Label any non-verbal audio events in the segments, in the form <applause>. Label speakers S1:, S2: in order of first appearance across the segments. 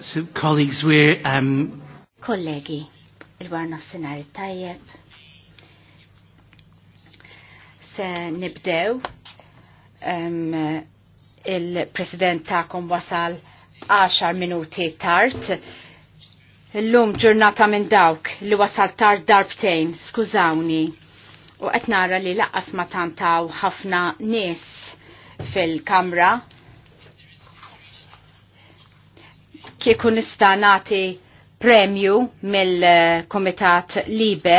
S1: So, colleagues, we're... Um...
S2: Kollegi, il war f tajjeb. Se nibdew, um, il-president ta'kom wasal 10 minuti tard. Illum ġurnata minn dawk li wasal tard darbtejn, skużawni. U qed nara li laqqas ma tantaw ħafna nies fil-kamra kieku nista' nagħti premju mill-Komitat Libe,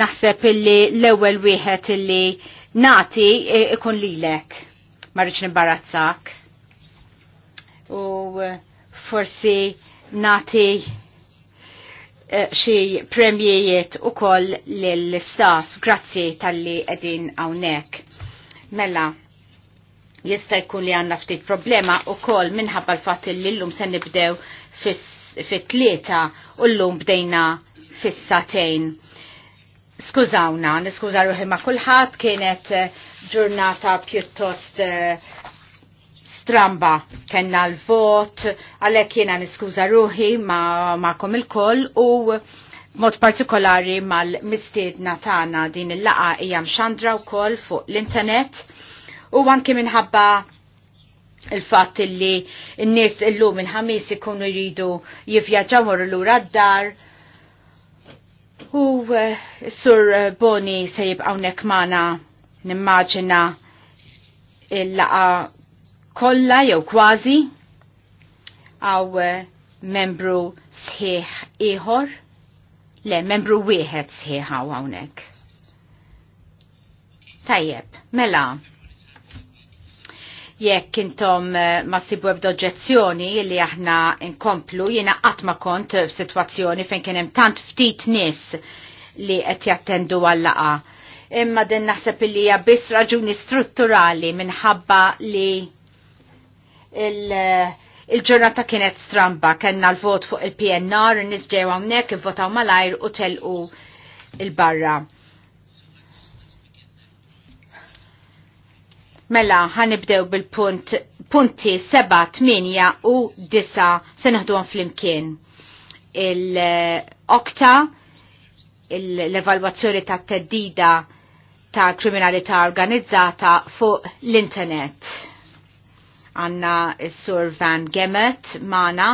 S2: naħseb illi l-ewwel wieħed illi nati ikun lilek. Marriċ nimbarazzak. U eh, forsi nati uh, eh, xi premjijiet u koll l-staff. Grazzi tal-li edin għawnek. Mela, jista' jkun li għandna ftit problema u kol minħabba l fat li l-lum se nibdew fit-tlieta u l-lum bdejna fis-satejn. Skużawna, niskuża ruħi ma' kulħadd kienet eh, ġurnata pjuttost eh, stramba kena l-vot, għalhekk jiena niskuża ruħi ma' ma'kom il-koll u mod partikolari mal-mistiedna tagħna din il-laqa hija mxandra wkoll fuq l-internet u anke minħabba il-fatt li n-nies illum il-ħamis ikunu jridu jivvjaġġaw lura d-dar. U eh, sur Boni se jibqawnek nekmana nimmaġina il-laqa kollha jew kważi għaw eh, membru sħiħ ieħor. Le, membru wieħed sħiħ hawnhekk. Tajjeb, mela, jekk intom eh, ma sibu ebdoġezzjoni li aħna nkomplu jiena qatt ma kont f'sitwazzjoni fejn kien hemm tant ftit nies li qed jattendu għallaqa. Imma din naħseb li hija biss raġuni strutturali minħabba li eh, il-ġurnata kienet stramba, kellna l-vot fuq il-PNR, n-nisġew hawnhekk ivvotaw malajr u telqu il-barra. Mela ħanibdew bil-punt punti 7, 8 u 9 se naħduhom flimkien. Il-okta, l-evalwazzjoni ta' teddida ta' kriminalità organizzata fuq l-internet. Għanna s-sur Van Gemmet mana,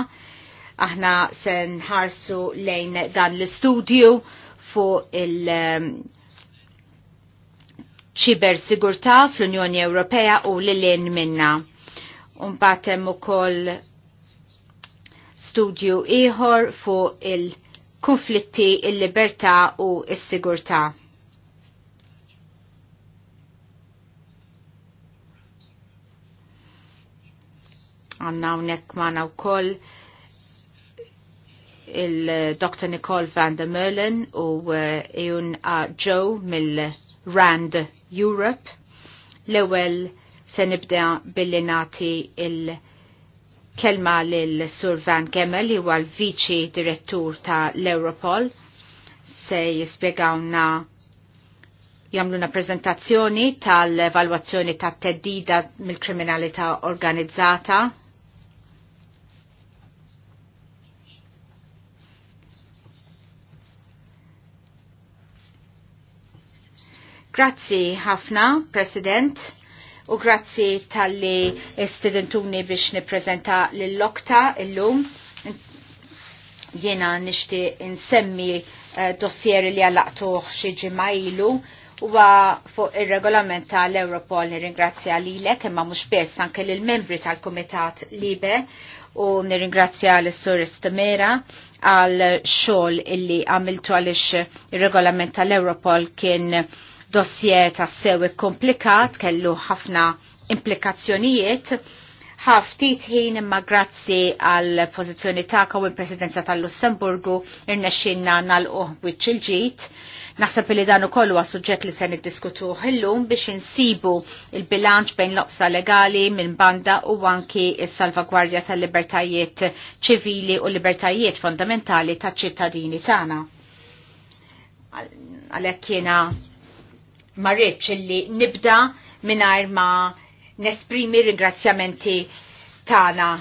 S2: aħna sen ħarsu lejn dan l-studio fuq il- ċiber sigurtà fl-Unjoni Ewropea u l-lin minna. Unbatem u koll studju iħor fu il-konflitti, il-libertà u il-sigurtà. Għanna unek maħna u koll il-Dr. Nicole van der Merlin u eh, Eun Joe mill-Rand Europe. L-ewel se nibda billi nati il-kelma lil-Sur Van Gemmel li huwa l-Viċi Direttur ta' l-Europol se jispiegawna jamluna prezentazzjoni tal-evalwazzjoni ta' teddida mill-kriminalità organizzata Grazzi ħafna, President, u grazzi tal-li istidentuni biex niprezenta l-lokta illum. Jena nishti insemmi eh, dossier li għallaqtuħ xieġi majlu u fuq il-regolament tal-Europol nirringrazzja li lek imma mux bess anke l-membri tal-Komitat Libe u nirringrazzja l-Sur Istamera għal xol illi għamiltu għalix il-regolament tal-Europol kien dossier ta' sewi komplikat, kellu ħafna implikazzjonijiet, ħaftit ħin imma grazzi għal pozizjoni ta' u presidenza tal-Lussemburgu irnexxinna nal-uħ ġit. Naħseb li dan ukoll huwa suġġett li se niddiskutu ħillum biex insibu il-bilanċ bejn l-oqsa legali minn banda u anki s-salvagwardja tal-libertajiet ċivili u libertajiet fondamentali taċ ċittadini tagħna. Għalhekk jiena marriċ illi nibda minnajr ma nesprimi ringrazzjamenti tana.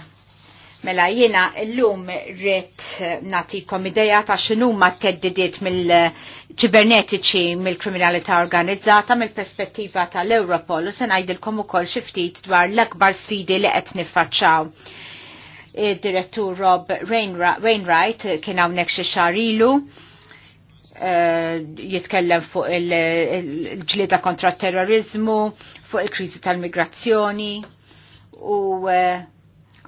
S2: Mela jiena l-lum rrit natikom ideja ta' xinu ma teddidiet mill-ċibernetiċi mill-kriminalità organizzata mill-perspettiva tal-Europol u se ngħidilkom ukoll xi ftit dwar l-akbar sfidi li qed niffaċċaw direttur Rob Wainwright kien hawnhekk xi xar ilu Eh, jitkellem fuq il-ġlieda kontra terrorizmu, fuq il-kriżi tal-migrazzjoni u eh,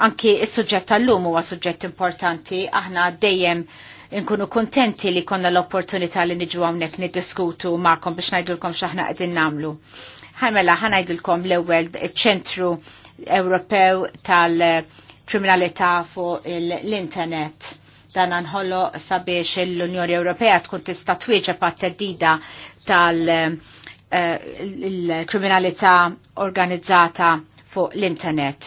S2: anki il suġġett tal-lum huwa suġġett importanti aħna dejjem inkunu kontenti li konna l-opportunità li niġu hawnhekk niddiskutu magħkom biex ngħidulkom x'aħna qegħdin nagħmlu. Ħamela ħanajdilkom l-ewwel iċ-Ċentru Ewropew tal-Kriminalità fuq l-Internet dan anħollo sabiex l-Unjoni Ewropea tkun tista' twieġa għat-teddida tal-kriminalità eh, organizzata fuq l-internet.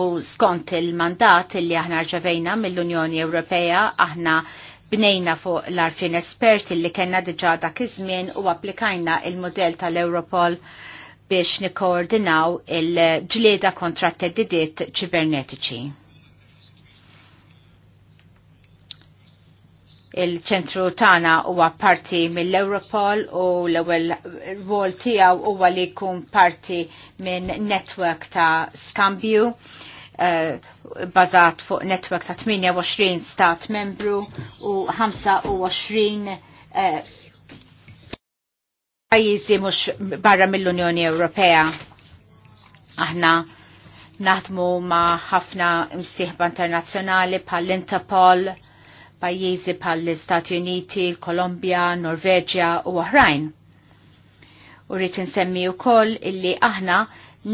S2: U skont il-mandat li aħna rġavejna mill-Unjoni Ewropea aħna bnejna fuq l-arfin esperti li kena diġa dak iż-żmien u applikajna il-modell tal-Europol biex nikkoordinaw il-ġlieda kontra t-teddidiet ċibernetiċi. il-ċentru tana huwa parti mill-Europol u l-ewwel rwol tiegħu huwa li jkun parti minn netwerk ta' skambju uh, eh, bazat fuq netwerk ta' 28 stat membru u 25 eh, pajjiżi mhux barra mill-Unjoni Ewropea. Aħna naħdmu ma' ħafna msieħba internazzjonali bħall interpol pajjiżi bħall istati Uniti, l-Kolombja, Norveġja u oħrajn. U rrit nsemmi wkoll illi aħna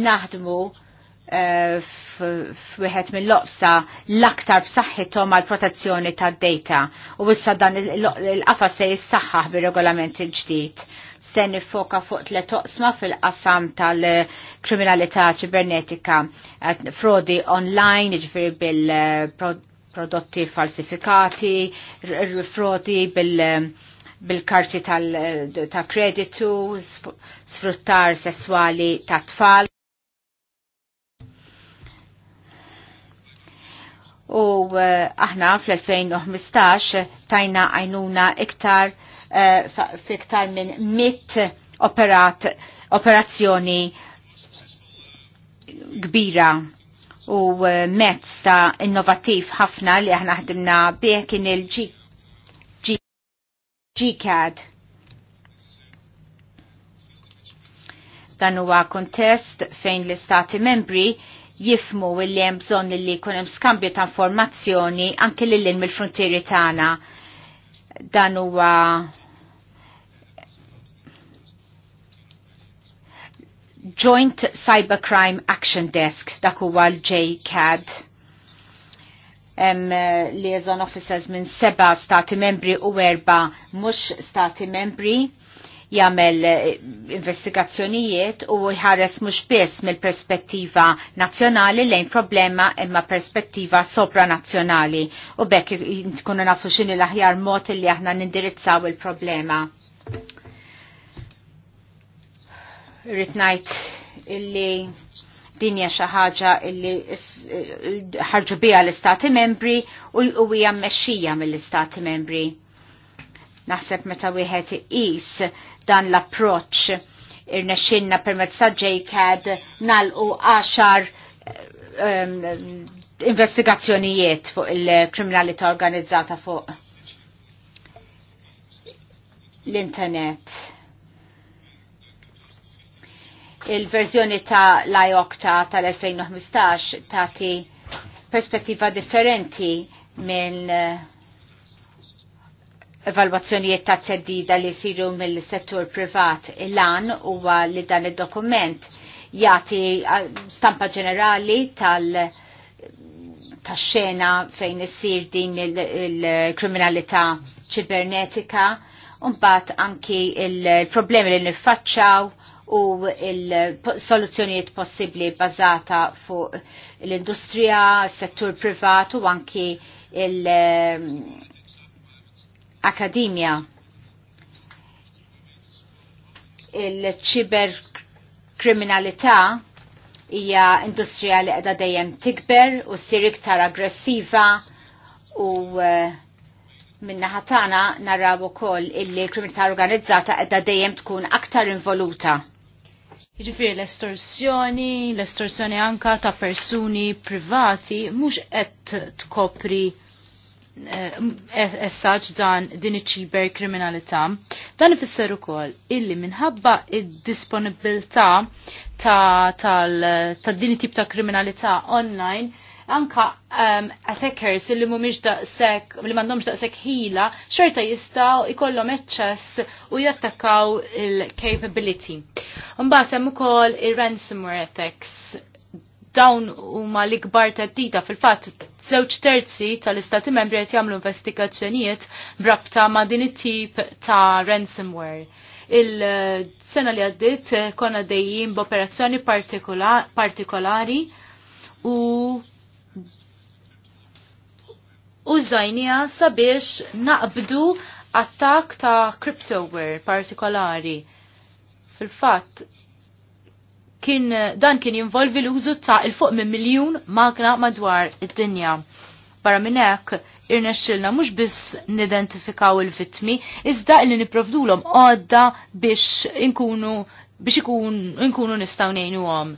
S2: naħdmu eh, f'wieħed mill-loqsa l-aktar b'saħħithom għal protezzjoni tad-data u issa dan il-qafa se jissaħħaħ bir-regolament il-ġdid. Se nifoka fuq tliet toqsma fil-qasam tal-kriminalità ċibernetika, eh, frodi online, ġifieri eh, prodotti falsifikati, frodi bil- bil-karti ta' kreditu, sfruttar sessuali ta' tfal. U eh, aħna fl-2015 tajna għajnuna iktar eh, fiktar minn mit operat, operazzjoni kbira u eh, mezz ta' innovativ ħafna li aħna ħdimna bih kien il-GCAD. Dan huwa kontest fejn l-istati membri jifmu li hemm bżonn li jkun hemm skambju ta' informazzjoni anke lil mill-frontieri tagħna. Dan huwa Joint Cybercrime Action Desk, dak huwa l-JCAD hemm eh, liaison officers minn seba stati membri u erba mhux stati membri jagħmel eh, investigazzjonijiet u jħares mhux biss mill-perspettiva nazzjonali lejn problema imma perspettiva sopranazzjonali u bekk tkunu nafu x'inhi l-aħjar mod li aħna nindirizzaw il-problema rritnajt illi dinja xi ħaġa illi ħarġu biha l-Istati Membri u hija mmexxija mill-Istati Membri. Naħseb meta wieħed iqis dan l-approċċ irnexxinna permezz ta' JCAD nalqu 10 um, ehm, investigazzjonijiet fuq il-kriminalità organizzata fuq l-internet il-verżjoni ta' l-IOCTA tal-2015 tati perspettiva differenti minn eh, evalwazzjonijiet ta' teddida li siru mill-settur privat il-lan huwa li dan il-dokument jati eh, stampa ġenerali tal- ta' xena fejn issir din il-kriminalità ċibernetika un bat anki il-problemi li nifacċaw u il-soluzzjonijiet possibli bazata fuq l-industrija, settur privat u anki l akademija Il-ċiber kriminalità hija industrija li qiegħda dejjem tikber u ssir iktar aggressiva u eh, minna ħatana naraw ukoll illi kriminalità organizzata qiegħda dejjem tkun aktar involuta
S3: Jiġifieri l-estorsjoni, l-estorsjoni anka ta' persuni privati mhux qed tkopri eh, essaġ dan din iċ-ċiber kriminalità. Dan ifisser ukoll illi minħabba id-disponibilità ta' tal ta' din tip ta' kriminalità online anka um, attackers li mhumiex daqshekk li m'għandhomx daqshekk ħila xorta jistgħu jkollhom eċċess u jattakaw il-capability. Mbagħad hemm ukoll ir-ransomware attacks dawn huma l-ikbar tattita fil-fatt żewġ terzi tal-istati membri qed jagħmlu investigazzjonijiet brabta ma' din it-tip ta' ransomware. Il-sena li għaddit konna dejjim b'operazzjoni partikolari u użajnija sabiex naqbdu attak ta' cryptoware partikolari. Fil-fatt, kien dan kien jinvolvi l-użu ta' il-fuq minn miljun magna madwar id-dinja. Barra minn hekk irnexxilna mhux biss nidentifikaw il-vittmi, iżda li niprovdulhom għodda biex inkunu biex inkunu nistgħu ngħinuhom.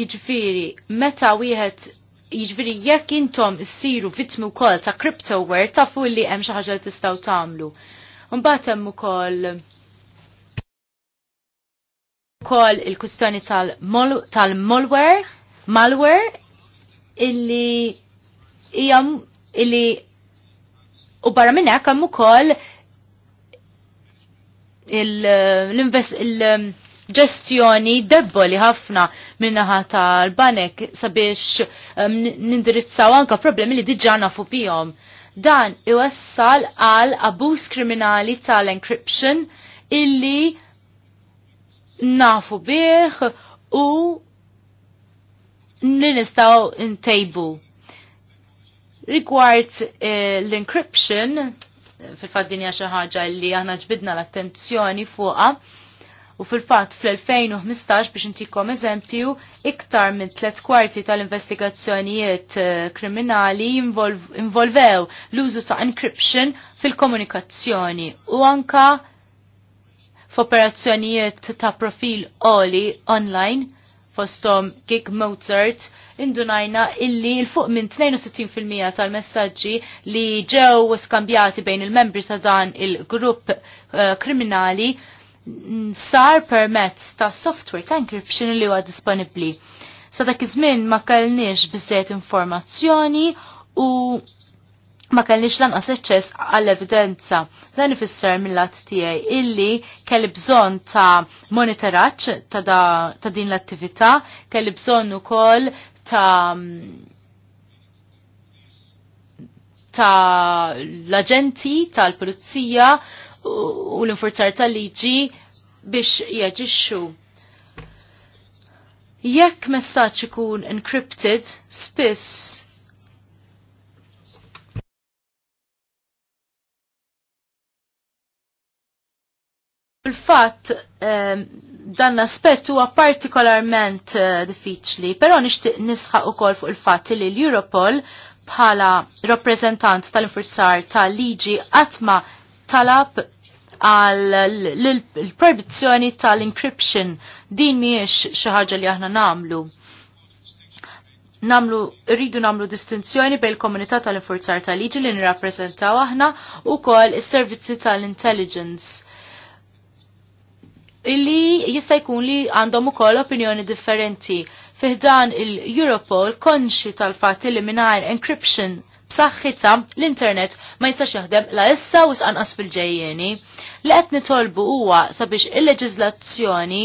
S3: Jiġifieri, meta wieħed jiġviri jekk intom issiru vittmi wkoll ta' cryptoware tafu li hemm xi ħaġa li tistgħu tagħmlu. Mbagħad hemm ukoll ukoll il-kustjoni tal-malware malware illi hija illi u barra minn hekk hemm ukoll l-invest il, il, il ġestjoni debboli ħafna minnaħa tal-banek sabiex um, nindirizzaw anka problemi li diġana nafu bihom. Dan iwassal għal abus kriminali tal-encryption illi nafu bih u ninistaw ntejbu. Rigward eh, l-encryption, fil faddinja xaħġa xi ħaġa li aħna ġbidna l-attenzjoni fuqha, U fil-fatt fl-2015 biex intikom eżempju, iktar minn tlet kwarti tal-investigazzjonijiet eh, kriminali involvew l-użu ta' encryption fil-komunikazzjoni u anka f'operazzjonijiet ta' profil oli online fostom Gig Mozart indunajna illi il-fuq minn 62% tal-messagġi li ġew skambjati bejn il-membri ta' dan il-grupp eh, kriminali uh, sar permezz ta' software ta' encryption li huwa disponibbli. Sa dak iż-żmien ma kellniex biżejjed informazzjoni u ma kellniex lanqas eċċess għall-evidenza. Dan ifisser mill-att tiegħi illi kelli bżonn ta' monitoraġġ ta, ta' din l-attività, kelli bżonn ukoll ta' ta' l-aġenti tal-pulizija u l-infurzar tal-liġi biex jaġixxu. Jekk messaġġ ikun encrypted, spiss Il-fatt ehm, dan aspett huwa partikolarment eh, diffiċli, però nixtieq nisħaq ukoll fuq il-fatt li l-Europol bħala rappreżentant tal-infurzar tal-liġi qatt ma talab għal l prohibizjoni tal-encryption din miex xi ħaġa li aħna namlu. Namlu, rridu namlu distinzjoni bejn komunità tal forzar tal-liġi li nirrappreżentaw aħna u kol is-servizzi tal-intelligence illi jista' jkun li għandhom ukoll opinjoni differenti fiħdan il-Europol konxi tal-fat il minar encryption b'saħħita l-internet ma jistax jaħdem la issa u sqanqas fil-ġejjeni. Li qed nitolbu huwa sabiex il-leġiżlazzjoni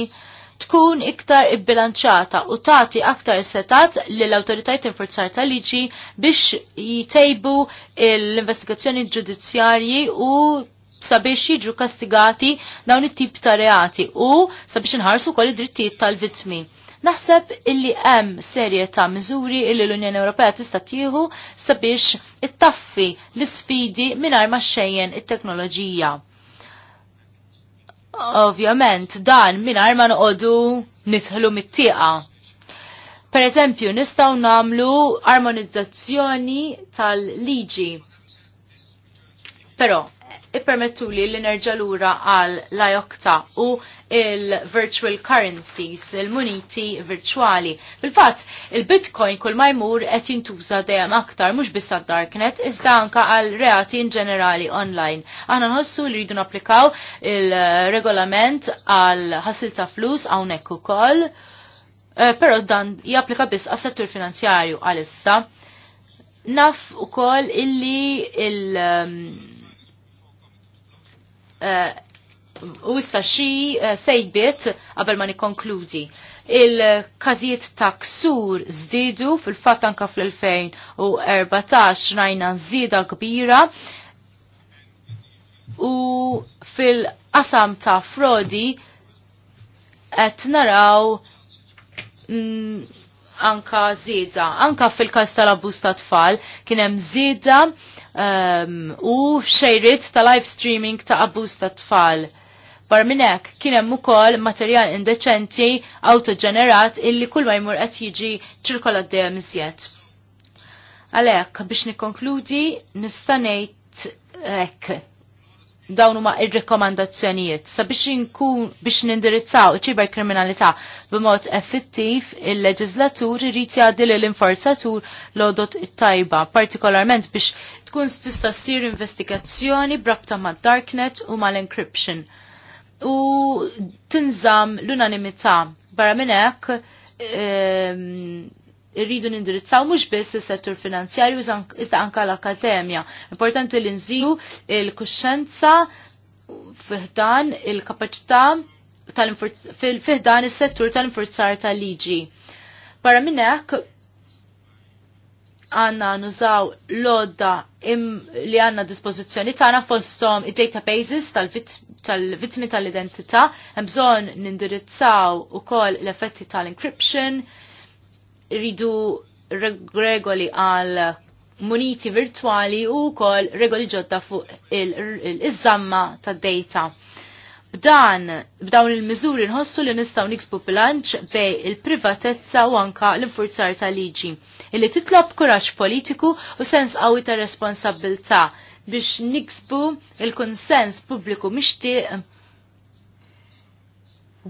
S3: tkun iktar ibbilanċata u tagħti aktar setat lill awtoritajiet infurzar tal-liġi biex jitejbu l-investigazzjoni ġudizzjarji u sabiex jiġu kastigati dawn it-tip ta' reati u sabiex inħarsu kol id-drittijiet tal-vittmi. Naħseb illi hemm serje ta' miżuri illi l-Unjoni Ewropea tista' tieħu sabiex ittaffi l-isfidi mingħajr ma xejjen it-teknoloġija. Ovvjament dan mingħajr ma noqogħdu nidħlu mit-tieqa. Per eżempju, nistgħu nagħmlu armonizzazzjoni tal-liġi. Però, ippermettuli li l lura għal lajokta u il-virtual currencies, il-muniti virtuali. Bil-fatt, il-bitcoin kull majmur jmur qed jintuża dejjem aktar mhux biss darknet iżda anka għal reati in ġenerali online. Aħna nħossu li rridu napplikaw il-regolament għal ħassil ta' flus hawnhekk ukoll, eh, però dan japplika biss għas-settur finanzjarju għal issa naf u koll illi il- ehm, eh, u issa xi eh, sejbiet qabel ma nikkonkludi. Il-każijiet ta' ksur żdiedu fil-fatt anke fl-2014 rajna żieda kbira u fil-qasam ta' frodi qed naraw mm, anka zida. Anka fil-kas tal-abbuż ta' tfal kien hemm zida um, ehm, u xejrit ta' live streaming ta' abbuż ta' tfal. Bar minnek kien hemm ukoll materjal indeċenti autoġenerat illi kull ma jmur qed jiġi ċirkola dejjem iżjed. Għalhekk biex nikkonkludi nista' ngħid hekk dawn huma ir-rekomandazzjonijiet sabiex nkun biex nindirizzaw iċibar kriminalità b'mod effettiv il-leġislatur irid jgħaddi l inforzatur lodot it-tajba, partikolarment biex tkun tista' ssir investigazzjoni brabta mad-darknet u mal-encryption u tinżam l-unanimità. Barra minn hekk ehm, irridu nindirizzaw mhux biss is-settur finanzjarju iżda anka l-akademja. Importanti li nżilu il-kuxenza fiħdan il-kapaċità fil-fiħdan is-settur tal-infurzar tal-liġi. Barra minn hekk għanna nużaw l-odda li għanna dispozizjoni tagħna fostom id-databases tal-vittmi tal-identità, hemm bżonn nindirizzaw ukoll l-effetti tal-encryption, ridu regoli għal muniti virtuali u wkoll regoli ġodda fuq il żamma tad-data. B'dan, b'dawn il-miżuri nħossu li nistgħu nixbu bilanċ bej il-privatezza u anka l-infurzar tal-liġi illi titlob kuraġġ politiku u sens qawwi ta' responsabilta biex niksbu il-konsens pubbliku mixtieq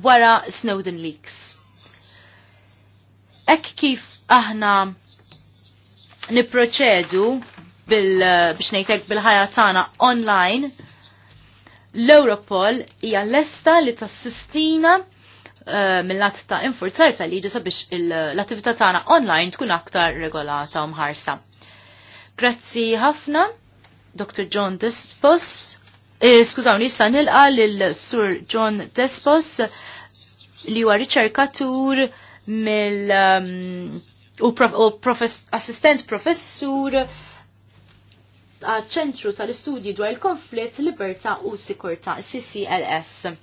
S3: wara Snowden Leaks. Ek kif aħna niproċedu bil, biex nejtek bil-ħajja tagħna online, l-Europol hija lesta li tassistina Eh, mill-lat ta' infurzar tal-liġi sabiex l-attività tagħna online tkun aktar regolata u mħarsa. Grazzi ħafna, Dr. John Despos. Eh, skużawni, issa nilqa l-Sur John Despos li huwa riċerkatur mill ehm, u, assistent professur ċentru tal-istudji dwar il-konflitt, libertà u sikurtà, CCLS.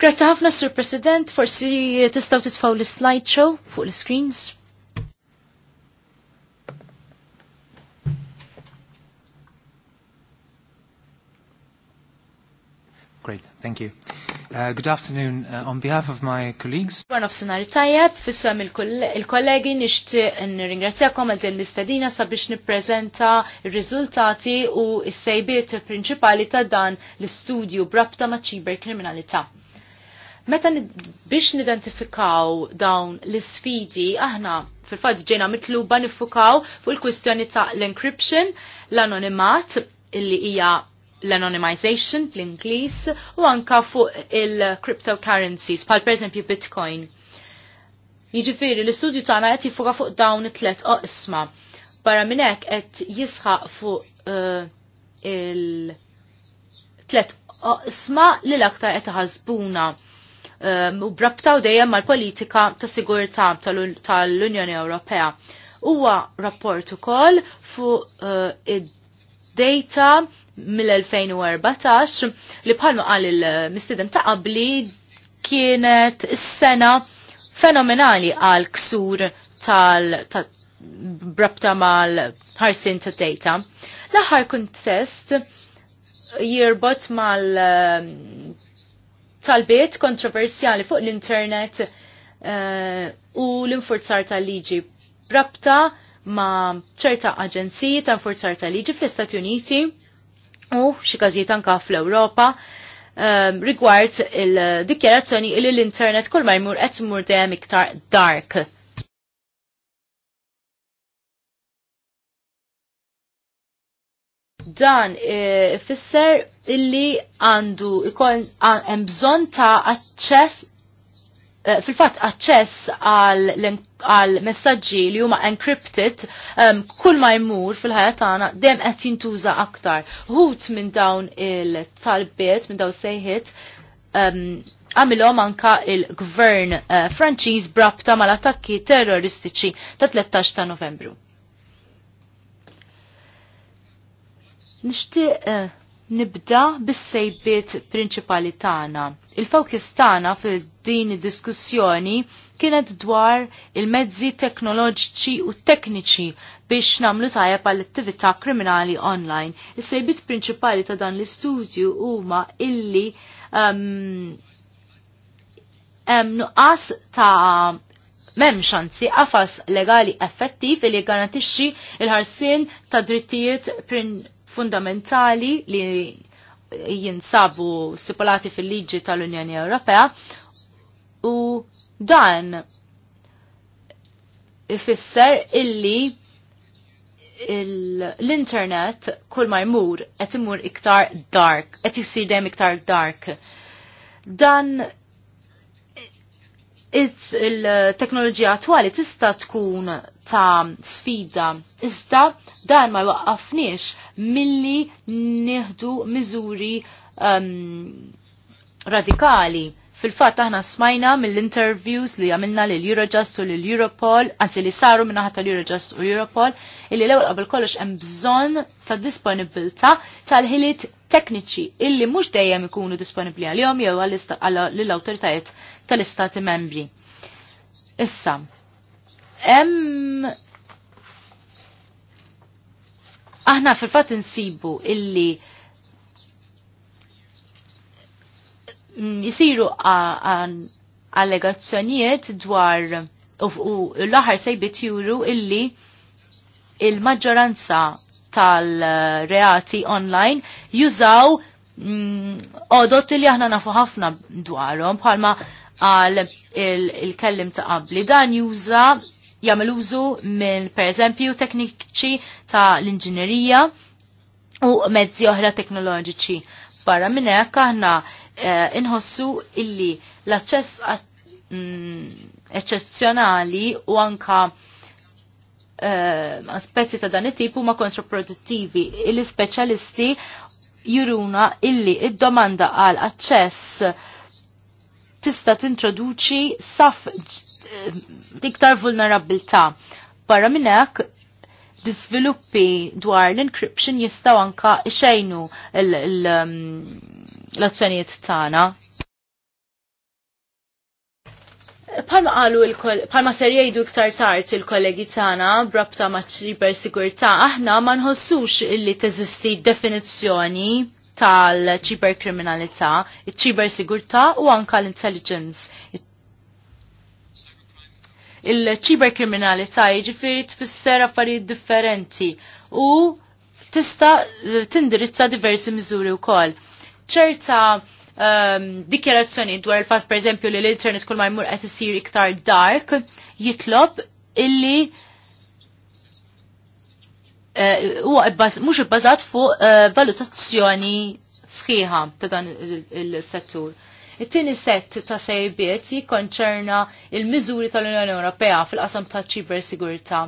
S3: Grazzi ħafna Sur President, forsi tistaw titfaw l show fuq l-screens.
S1: Great, thank you. Uh, good afternoon. Uh, on behalf of my colleagues.
S3: Għan of senari tajab, fissam il-kollegi nishti n-ringrazzjakom għal din l-istadina sabiex n-prezenta il-rizultati u s-sejbiet principali ta' dan l studio brabta ma' ċiber kriminalità. Meta biex nidentifikaw dawn l-sfidi, aħna fil-fat ġena mitluba nifukaw fuq il-kwistjoni ta' l-encryption, l-anonimat, illi hija l-anonymization bl-Inglis, u anka fuq il-cryptocurrencies, pal per esempio Bitcoin. Jiġifieri l-istudju tagħna qed jifuka fuq dawn it-tlet oqsma. Barra minn hekk qed jisħaq fuq uh, il-tlet oqsma li l-aktar qed ħasbuna Um, u brabtaw dejjem mal-politika ta' sigurtà tal-Unjoni Ewropea. Huwa rapport ukoll fuq uh, id-data mill-2014 li bħalma qal il-mistidem ta' qabli kienet is-sena fenomenali għal ksur tal brabta mal ħarsin ta' data. L-aħħar kuntest jirbot mal um, talbiet kontroversjali fuq l-internet eh, u l-infurzar tal-liġi brabta ma ċerta aġenziji ta' infurzar tal-liġi fl-Istati Uniti u xi każijiet anka fl-Ewropa eh, rigward il-dikjerazzjoni li il l-internet kol ma jmur qed imur dejjem iktar dark dan ifisser e, illi għandu ikon hemm bżonn ta' aċċess e, fil-fatt aċċess għal messaġġi li huma encrypted kull ma jmur fil-ħajja tagħna dejjem qed jintuża aktar. Hut minn dawn il-talbiet, minn dawn sejħiet għamilhom anka il-gvern e, Franċiż brabta mal-attakki terroristiċi ta' 13 ta' Novembru. Nishtiq eh, nibda bis-sejbiet prinċipali tagħna. Il-fokus tagħna fid-din id-diskussjoni kienet dwar il-mezzi teknoloġiċi u tekniċi biex namlu tajab għall attività kriminali online. is sejbiet prinċipali ta' dan l-istudju huma illi um, nuqqas ta' mem xanzi għafas legali effettiv li garantixxi il-ħarsin ta' drittijiet fundamentali li jinsabu stipulati fil-liġi tal-Unjoni Ewropea u dan ifisser illi l-internet kull ma jmur qed imur iktar dark, qed jisir dejjem iktar dark. Dan il-teknoloġija attwali tista' tkun ta' sfida. Iżda dan ma jwaqqafniex milli nieħdu miżuri um, radikali. fil fatt aħna smajna mill-interviews li għamilna lil Eurojust u lil Europol, anzi li saru minna ħatta l-Eurojust u Europol, illi l-ewel qabel kollox hemm bżonn ta' disponibilta tal-ħiliet tekniċi illi mhux dejjem ikunu disponibbli għalihom jew għall-awtoritajiet tal-istati membri. Issa, Em aħna fil-fatt insibu illi jisiru allegazzjonijiet dwar u l-aħħar sejbit juru illi il-maġġoranza tal-reati online jużaw mm, odot li aħna nafu ħafna dwarhom bħalma għal il-kellim ta' qabli dan juża jagħmel użu mill pereżempju tekniċi ta' l-inġinerija u mezzi oħra teknoloġiċi. Barra minn hekk aħna eh, inħossu illi l-aċċess mm, eccezzjonali u anka eh, aspetti ta' dan it-tip huma kontraproduttivi. Il-speċjalisti juruna illi id-domanda għal aċċess tista' tintroduċi saf D'iktar vulnerabilità. Barra minn hekk l-iżviluppi dwar l-encryption jistaw anka xejnu um, l-azzjonijiet tagħna. Palma għalu palma ser jgħidu iktar tard il-kollegi tagħna brabta ma' ċiber sigurtà aħna ma nħossux illi teżisti definizzjoni tal-ċiber kriminalità, il-ċiber sigurtà u anka l-intelligence, il-ċiberkriminalità jiġifieri tfisser affarijiet differenti u tista' tindirizza diversi miżuri wkoll. ċerta um, dikjerazzjoni dwar il-fatt eżempju li l-internet kull ma jmur qed isir iktar dark jitlob illi eh, huwa mhux ibbażat fuq eh, valutazzjoni sħiħa ta' dan il-settur. il settur It-tieni set ta' sejbiet jikkonċerna il-miżuri tal-Unjoni Ewropea fil-qasam ta' ċibersigurtà.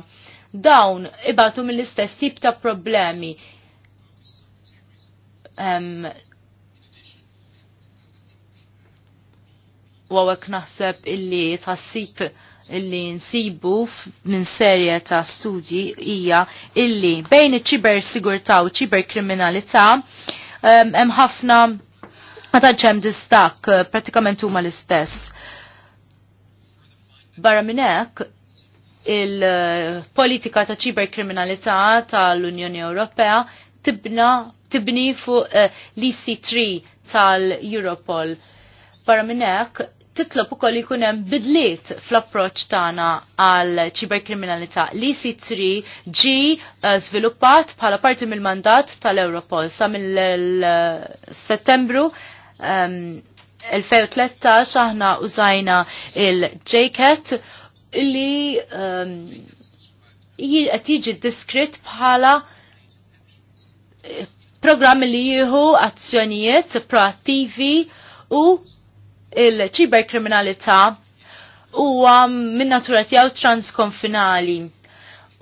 S3: Dawn ibatu mill-istess tip ta' problemi. Um, Wawek naħseb illi tassib illi nsibu minn serje ta' studji hija illi bejn iċ-ċiber sigurtà u ċiber kriminalità hemm ħafna ma tantx distak eh, pratikament huma l-istess. Barra minn hekk il-politika eh, ta' ċiberkriminalità tal-Unjoni Ewropea tibna tibni fuq uh, eh, l-EC3 tal-Europol. Barra minnek, titlob ukoll jkun hemm bidliet fl-approċċ tagħna għal ċiberkriminalità. L-EC3 ġi żviluppat bħala parti mill-mandat tal-Europol sa mill-Settembru 2013 aħna użajna il-JCAT li qed jiġi diskrit bħala eh, program li jieħu azzjonijiet proattivi u il-ċiberkriminalità huwa min natura tiegħu transkonfinali.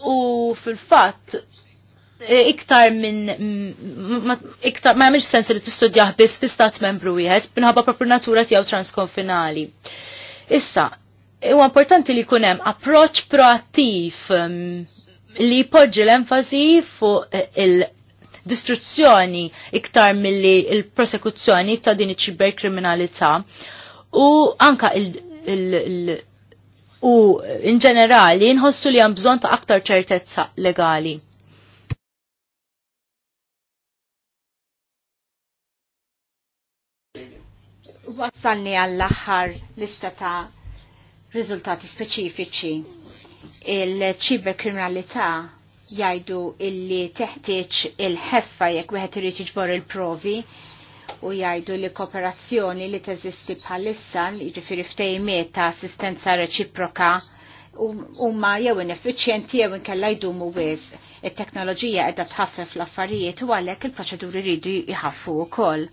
S3: U fil-fatt Eh, iktar minn mm, iktar ma jemx sens li tistudjaħ biss fi stat membru wieħed minħabba propri natura tiegħu transkonfinali. Issa, huwa importanti li jkun hemm approċċ proattiv mm, li jpoġġi l-enfasi fuq eh, il- distruzzjoni iktar milli il-prosekuzzjoni ta' din iċ-ċiber kriminalità u anka il, il u in ġenerali nħossu li hemm bżonn ta' aktar ċertezza legali.
S2: Wassalni għall-aħħar lista ta' riżultati speċifiċi. Il-ċiberkriminalità jgħidu illi teħtieġ il-ħeffa jekk wieħed irid jiġbor il-provi u jgħidu li kooperazzjoni li teżisti bħalissa jiġifieri ftejmiet ta' assistenza reċiproka um-, huma jew ineffiċjenti jew inkella jdumu wisq. It-teknoloġija qiegħda tħaffef l-affarijiet u għalhekk il-proċeduri jridu jħaffu wkoll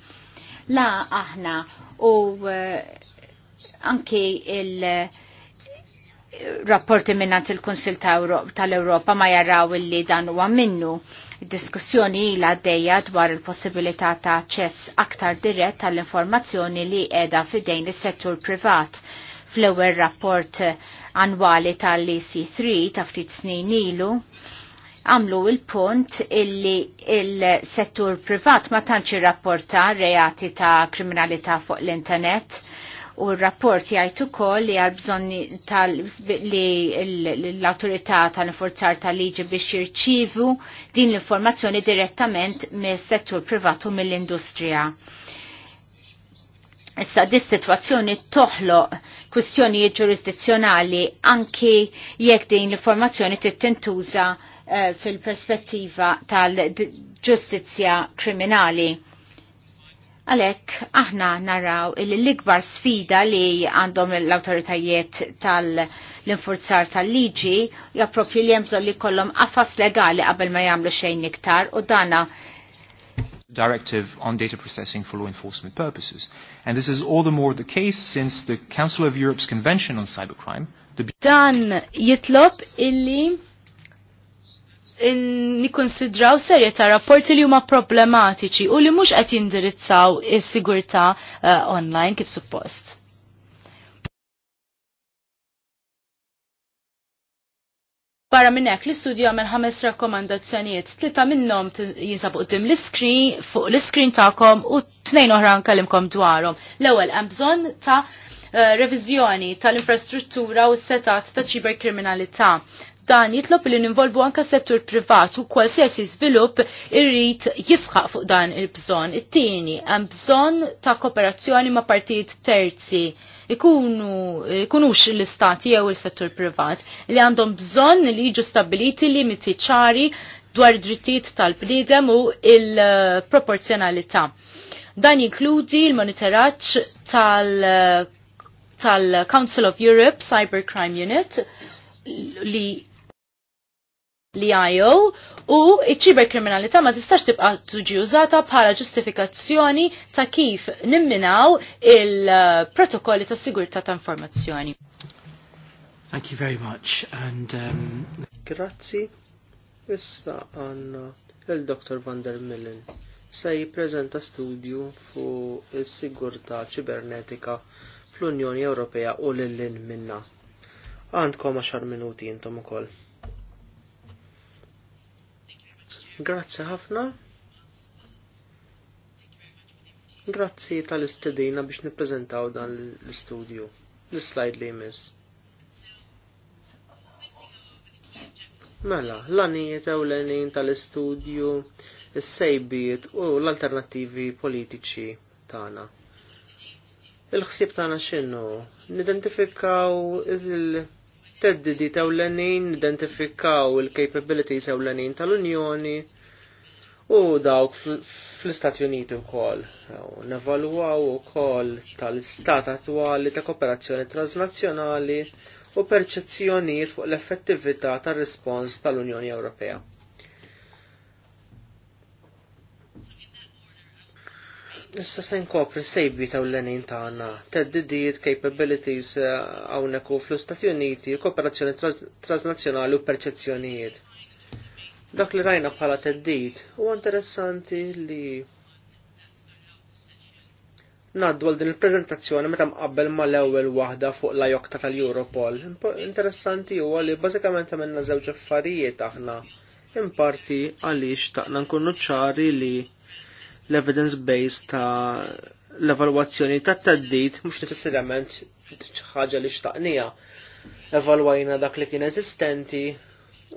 S2: la aħna u eh, anki il- eh, rapporti minnant il-Konsil tal-Europa ma jarraw illi dan huwa minnu. Diskussjoni ila dejja dwar il-possibilità ta' ċess aktar dirett tal-informazzjoni li edha fidejn is-settur privat. Fl-ewwel rapport annwali tal-EC3 ta' ftit snin ilu, għamlu il-punt illi il-settur privat ma tantx rapporta reati ta' kriminalità fuq l-internet u r-rapport jgħid ukoll li għal bżonn li l-awtorità tal forzar tal-liġi biex jirċivu din l-informazzjoni direttament mis-settur u mill-industrija. Issa dis situazzjoni toħloq kwistjonijiet ġurisdizzjonali anki jekk din l-informazzjoni tittintuża Eh, fil-perspettiva tal-ġustizja kriminali. Għalek, aħna naraw il-ikbar sfida li għandhom l-autoritajiet tal-infurzar tal-liġi jappropri li jemżol li kollom affas legali qabel ma jamlu xejn iktar u dana
S1: directive on data processing for law enforcement
S3: purposes. And this is all the more the case since the Council of Europe's Convention on Cybercrime. The Dan jitlob illi nikonsidraw serjeta rapporti li huma problematiċi u li mhux qed jindirizzaw is-sigurtà uh, online kif suppost. Barra minn hekk l-istudju għamel ħames rakkomandazzjonijiet, tlieta minnhom jinsabu qudiem l-iskrin fuq l-iskrin tagħkom u tnejn oħra nkellimkom dwarhom. L-ewwel hemm bżonn ta' eh, reviżjoni tal-infrastruttura u s-setat ta' ċiberkriminalità. Dan jitlob li ninvolvu anka settur privat u kwalsiasi żvilupp irrid jisħaq fuq dan il-bżonn. It-tieni hemm bżonn ta' kooperazzjoni ma' partijiet terzi ikunu ikunux l-istati jew il-settur privat li għandhom bżonn li jiġu stabiliti limiti ċari dwar drittijiet tal bnidem u il-proporzjonalità. Dan jinkludi l monitoraċ tal- tal-Council of Europe Cybercrime Unit li li għajow u iċ kriminalità ma tistax tibqa' tuġi użata bħala ġustifikazzjoni ta' kif nimminaw il-protokolli ta' sigurtà ta' informazzjoni.
S1: Thank you very much and um...
S3: Grazzi. Issa għanna
S1: il-Dr. Van der Millen se jippreżenta studju fuq is-sigurtà ċibernetika fl-Unjoni Ewropea u lil-lin minna. Għandkom 10 minuti intom ukoll. Grazzi ħafna. Grazzi tal-istedina biex nippreżentaw dan l-istudju. L-slide li jmiss. Mela, l-għanijiet ewlenin tal-istudju, s-sejbiet u l-alternativi politiċi tagħna. Il-ħsieb tagħna x'innu. Nidentifikaw il- teddidi ewlenin identifikaw il-capabilities ewlenin tal-Unjoni u dawk fl-Istati Uniti wkoll. Nevalwaw ukoll tal-istat attwali ta' kooperazzjoni transnazzjonali u perċezzjonijiet fuq l-effettività tar-rispons tal-Unjoni Ewropea. Issa se nkopri sejbi ta' l-lenin tagħna, teddidiet, capabilities eh, hawnhekk uh, fl-Istati Uniti, kooperazzjoni transnazzjonali u perċezzjonijiet. Dak li rajna bħala teddid huwa interessanti li Naddu għal din il-prezentazzjoni meta qabbel ma l-ewwel waħda fuq la jokta tal-Europol. Interessanti huwa li bażikament għamilna żewġ affarijiet aħna. In parti għaliex taqna nkunu ċari li l-evidence base ta' l-evalwazzjoni ta' taddit mhux necessarjament ħaġa li xtaqnija. Evalwajna dak li kien eżistenti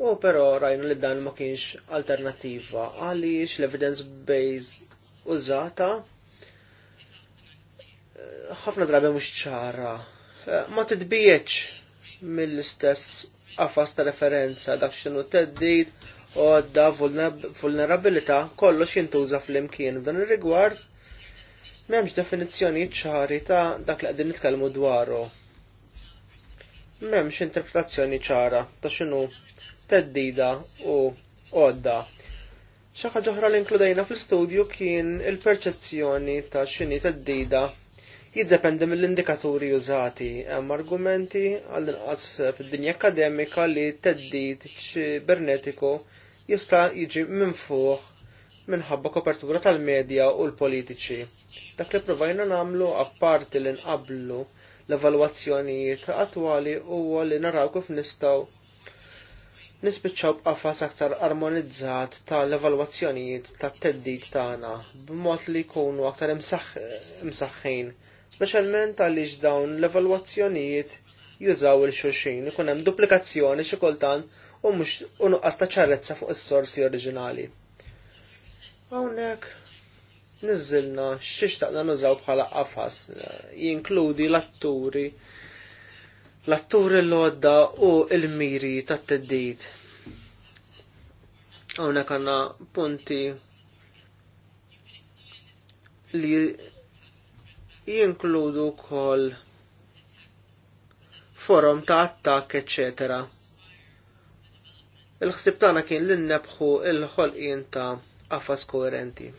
S1: u però rajna li dan ma kienx alternattiva għaliex l-evidence base użata ħafna drabi mhux ċara. Ma titbieċ mill-istess għafas ta' referenza dak xinu t-taddit għodda vulnerabilità kollox jintuża fl-imkien f'dan ir-rigward m'hemmx definizzjoni ċari ta' dak li qegħdin nitkellmu dwaru. M'hemmx interpretazzjoni ċara ta' x'inhu teddida u għodda. Xi ħaġa oħra li inkludejna fl-istudju kien il-perċezzjoni ta' x'inhi teddida jiddependi mill-indikaturi użati. Hemm argumenti għal inqas fid-dinja akademika li teddid ċibernetiku jista' jiġi minfuħ minħabba kopertura tal-medja u l-politiċi. Dak li provajna namlu apparti li nqablu l-evalwazzjonijiet attwali huwa li naraw kif nistgħu nispiċċaw b'qafas aktar armonizzat tal-evalwazzjonijiet tat teddit tagħna b'mod li jkunu aktar imsaħħin, speċjalment għaliex dawn l-evalwazzjonijiet jużaw il-xulxin, ikun hemm duplikazzjoni xi kultant u mhux u nuqqas ta' ċarezza fuq is-sorsi oriġinali. Hawnhekk niżilna x'ixtaqna nużaw bħala qafas jinkludi l-atturi l-atturi l odda u il-miri tat teddit Hawnhekk għandna punti li jinkludu kol forum ta' attak, etc. Il-ħsib tagħna kien li nnebħu il-ħolqien ta' affas koerenti.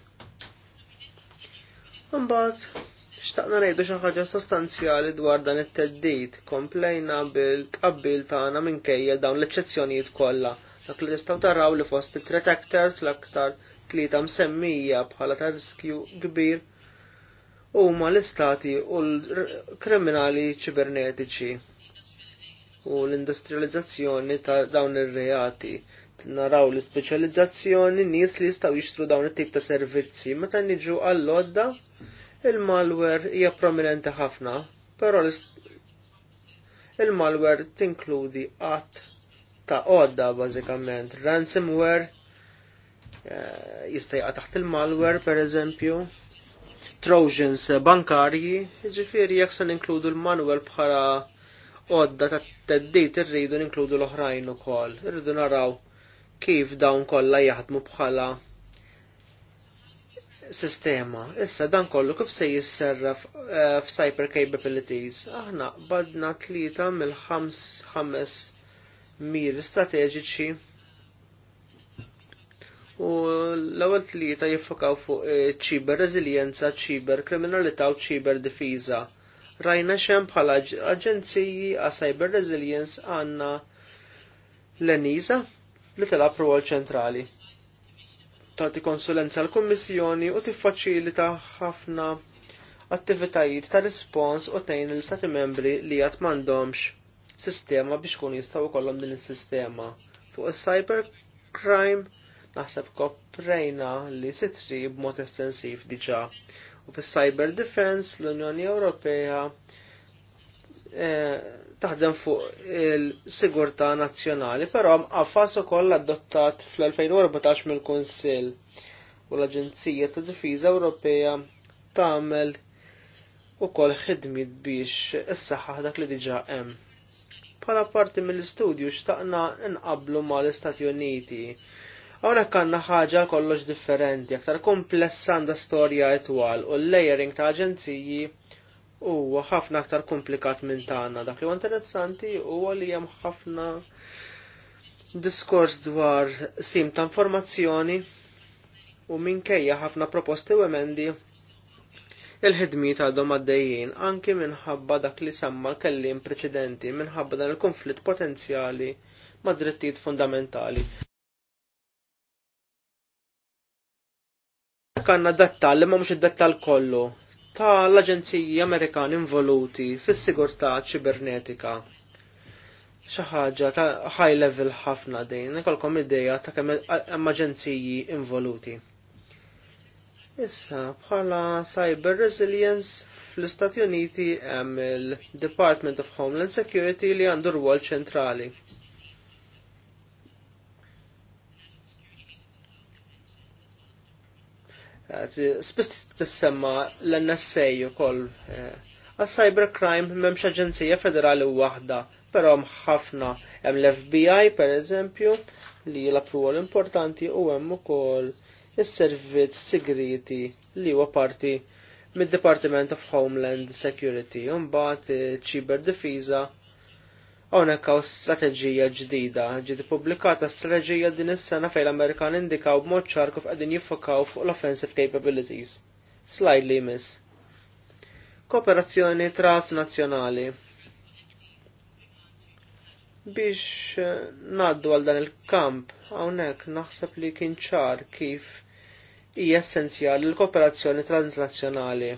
S1: Imbagħad xtaqna ngħidu xi ħaġa sostanzjali dwar dan it-teddid, komplejna bil-tqabbil tagħna minkejja dawn l-eċċezzjonijiet kollha. Dak li tistgħu taraw li fost it tret actors l-aktar tlieta msemmija bħala ta' riskju kbir huma l-istati u l-kriminali ċibernetiċi u l-industrializzazzjoni ta' dawn ir-reati. Naraw l specializzazzjoni nies li jistgħu jixtru dawn it-tip ta' servizzi. Meta niġu għall-odda, il-malware hija prominenti ħafna, però il-malware tinkludi qatt ta' odda bażikament, ransomware eh, jista' jaqa' taħt il-malware pereżempju, trojans bankarji, ġifieri jekk se ninkludu l-malware bħala għodda ta' teddit irridu ninkludu l-oħrajn ukoll. Irridu naraw kif dawn kollha jaħdmu bħala sistema. Issa dan kollu kif se jisserraf eh, f'cyber capabilities. Aħna badna tlieta mill-ħames mir strateġiċi u l-ewwel tlieta jiffokaw fuq eh, ċiber reżiljenza, ċiber kriminalità u ċiber difiża rajna xem bħala aġenziji a cyber resilience għanna l-ENISA li tela rwol ċentrali. Tati konsulenza l-Kommissjoni u tiffaċilita ħafna attivitajiet ta' rispons u tejn l-Stati membri li għat mandomx sistema biex kun jistaw kollom din il-sistema. Fuq il-cyber crime naħseb koprejna li sitri b'mod estensiv diġa. U fis-cyber defense l-Unjoni Ewropea eh, taħdem fuq il-sigurtà nazzjonali, però u ukoll adottat fl-2014 mill-Kunsill u l-Aġenzija ta' Difiża Ewropea tagħmel ukoll ħidmit biex s-saxħa dak li diġà hemm. Bħala parti mill-istudju xtaqna nqablu mal-Istati Uniti Hawnhekk għandna ħaġa kollox differenti, aktar komplessa għandha storja etwal u l-layering ta' aġenziji huwa ħafna aktar komplikat minn tagħna. Dak li interessanti huwa li hemm ħafna diskors dwar sim ta' informazzjoni u minkejja ħafna proposti u emendi il-ħidmiet għadhom għaddejjin anki minħabba dak li semma l-kellim preċedenti minħabba dan il-konflitt potenzjali ma' drittijiet fundamentali. Kanna detta li ma mux id-dettal kollu ta' l-Aġenziji Amerikan involuti fis-sigurtà ċibernetika. Xi ħaġa ta' high level ħafna din, ikolkom idea ta' kemm hemm aġenziji involuti. Issa bħala Cyber Resilience fl-Istati Uniti hemm il-Department of Homeland Security li għandu rwol ċentrali. Spist tissemma l-NSA ukoll. a eh, cybercrime m'hemmx aġenzija federali waħda, però hemm ħafna hemm l-FBI pereżempju li l-appruwa l-importanti u hemm ukoll is-servizz segreti li huwa parti mid department of Homeland Security u mbagħad eh, ċiber difiża Hawnhekk hawn strateġija ġdida ġiet ippubblikata strateġija din is-sena fejn l-Amerikan indikaw b'mod ċar kif qegħdin jiffokaw fuq l-offensive capabilities. Slide li miss. Kooperazzjoni transnazzjonali. Biex eh, naddu għal dan il-kamp, hawnhekk naħseb li kien ċar kif hija essenzjali l-kooperazzjoni transnazzjonali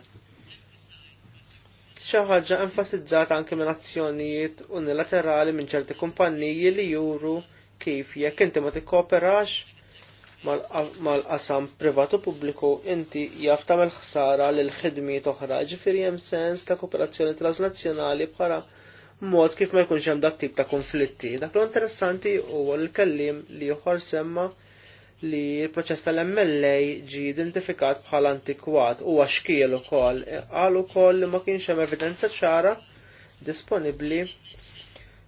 S1: xi ħaġa enfasizzata anke minn azzjonijiet unilaterali minn ċerti kumpanniji li juru kif jekk inti ma tikkooperax mal-qasam privatu pubbliku inti jaf tagħmel ħsara lil ħidmiet oħra, ġifieri hemm sens ta' kooperazzjoni transnazzjonali bħala mod kif ma jkunx hemm dak tip ta' konflitti. Dak l interessanti huwa l-kellim li oħor semma' li l-proċess tal-MLA ġi identifikat bħala antikwat u għaxkiel ukoll u ukoll li ma kienx hemm evidenza ċara disponibbli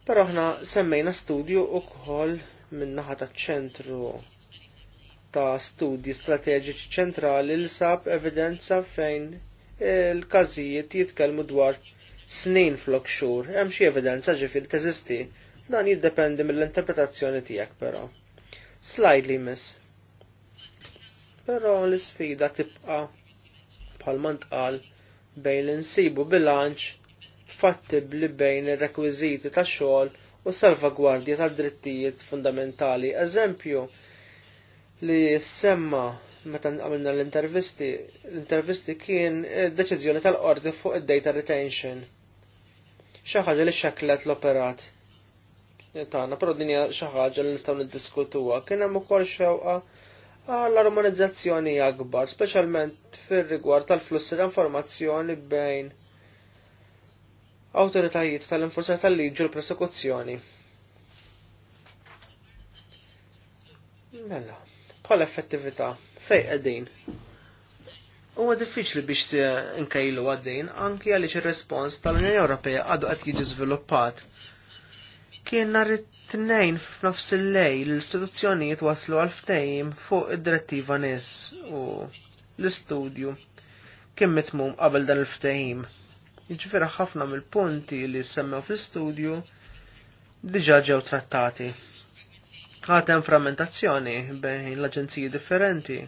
S1: Pero aħna semmejna studju u min-naħa taċ-ċentru ta' studji strateġiċi ċentrali li sab evidenza fejn il-każijiet jitkellmu dwar snin flok xhur, hemm xi evidenza ġifieri teżisti. Dan jiddependi mill-interpretazzjoni tiegħek però. Slide li miss. Però l-isfida tibqa bħalma ntqal bejn l-insibu bilanċ fattibli bejn ir-rekwiżiti tax xogħol u salvagwardja tad drittijiet fundamentali. Eżempju li semma meta għamilna l-intervisti, l-intervisti kien deċiżjoni tal-qorti fuq id-data retention. Xi ħaġa li xeklet l-operat. Tagħna, però din hija xi ħaġa li nistgħu niddiskutuha. Kien hemm ukoll xewqa għalla romanizzazzjoni akbar, speċjalment fir-rigward tal-flussi ta' informazzjoni bejn awtoritajiet tal-infurzat tal-liġi u l-prosekuzzjoni. Mela, bħala effettività, fej qegħdin. Huwa diffiċli biex t-inkajlu għaddejn anki għaliex ir-respons tal-Unjoni Ewropea għadu qed jiġi żviluppat. Kien nhar Tnejn f'nofs il-lej l-istituzzjonijiet waslu għal ftejim fuq id-direttiva nis e u l-istudju kien mitmum qabel dan il ftehim Jiġifieri ħafna mill-punti li semmew fl-istudju diġà ġew trattati. Għad hemm frammentazzjoni bejn l-aġenziji differenti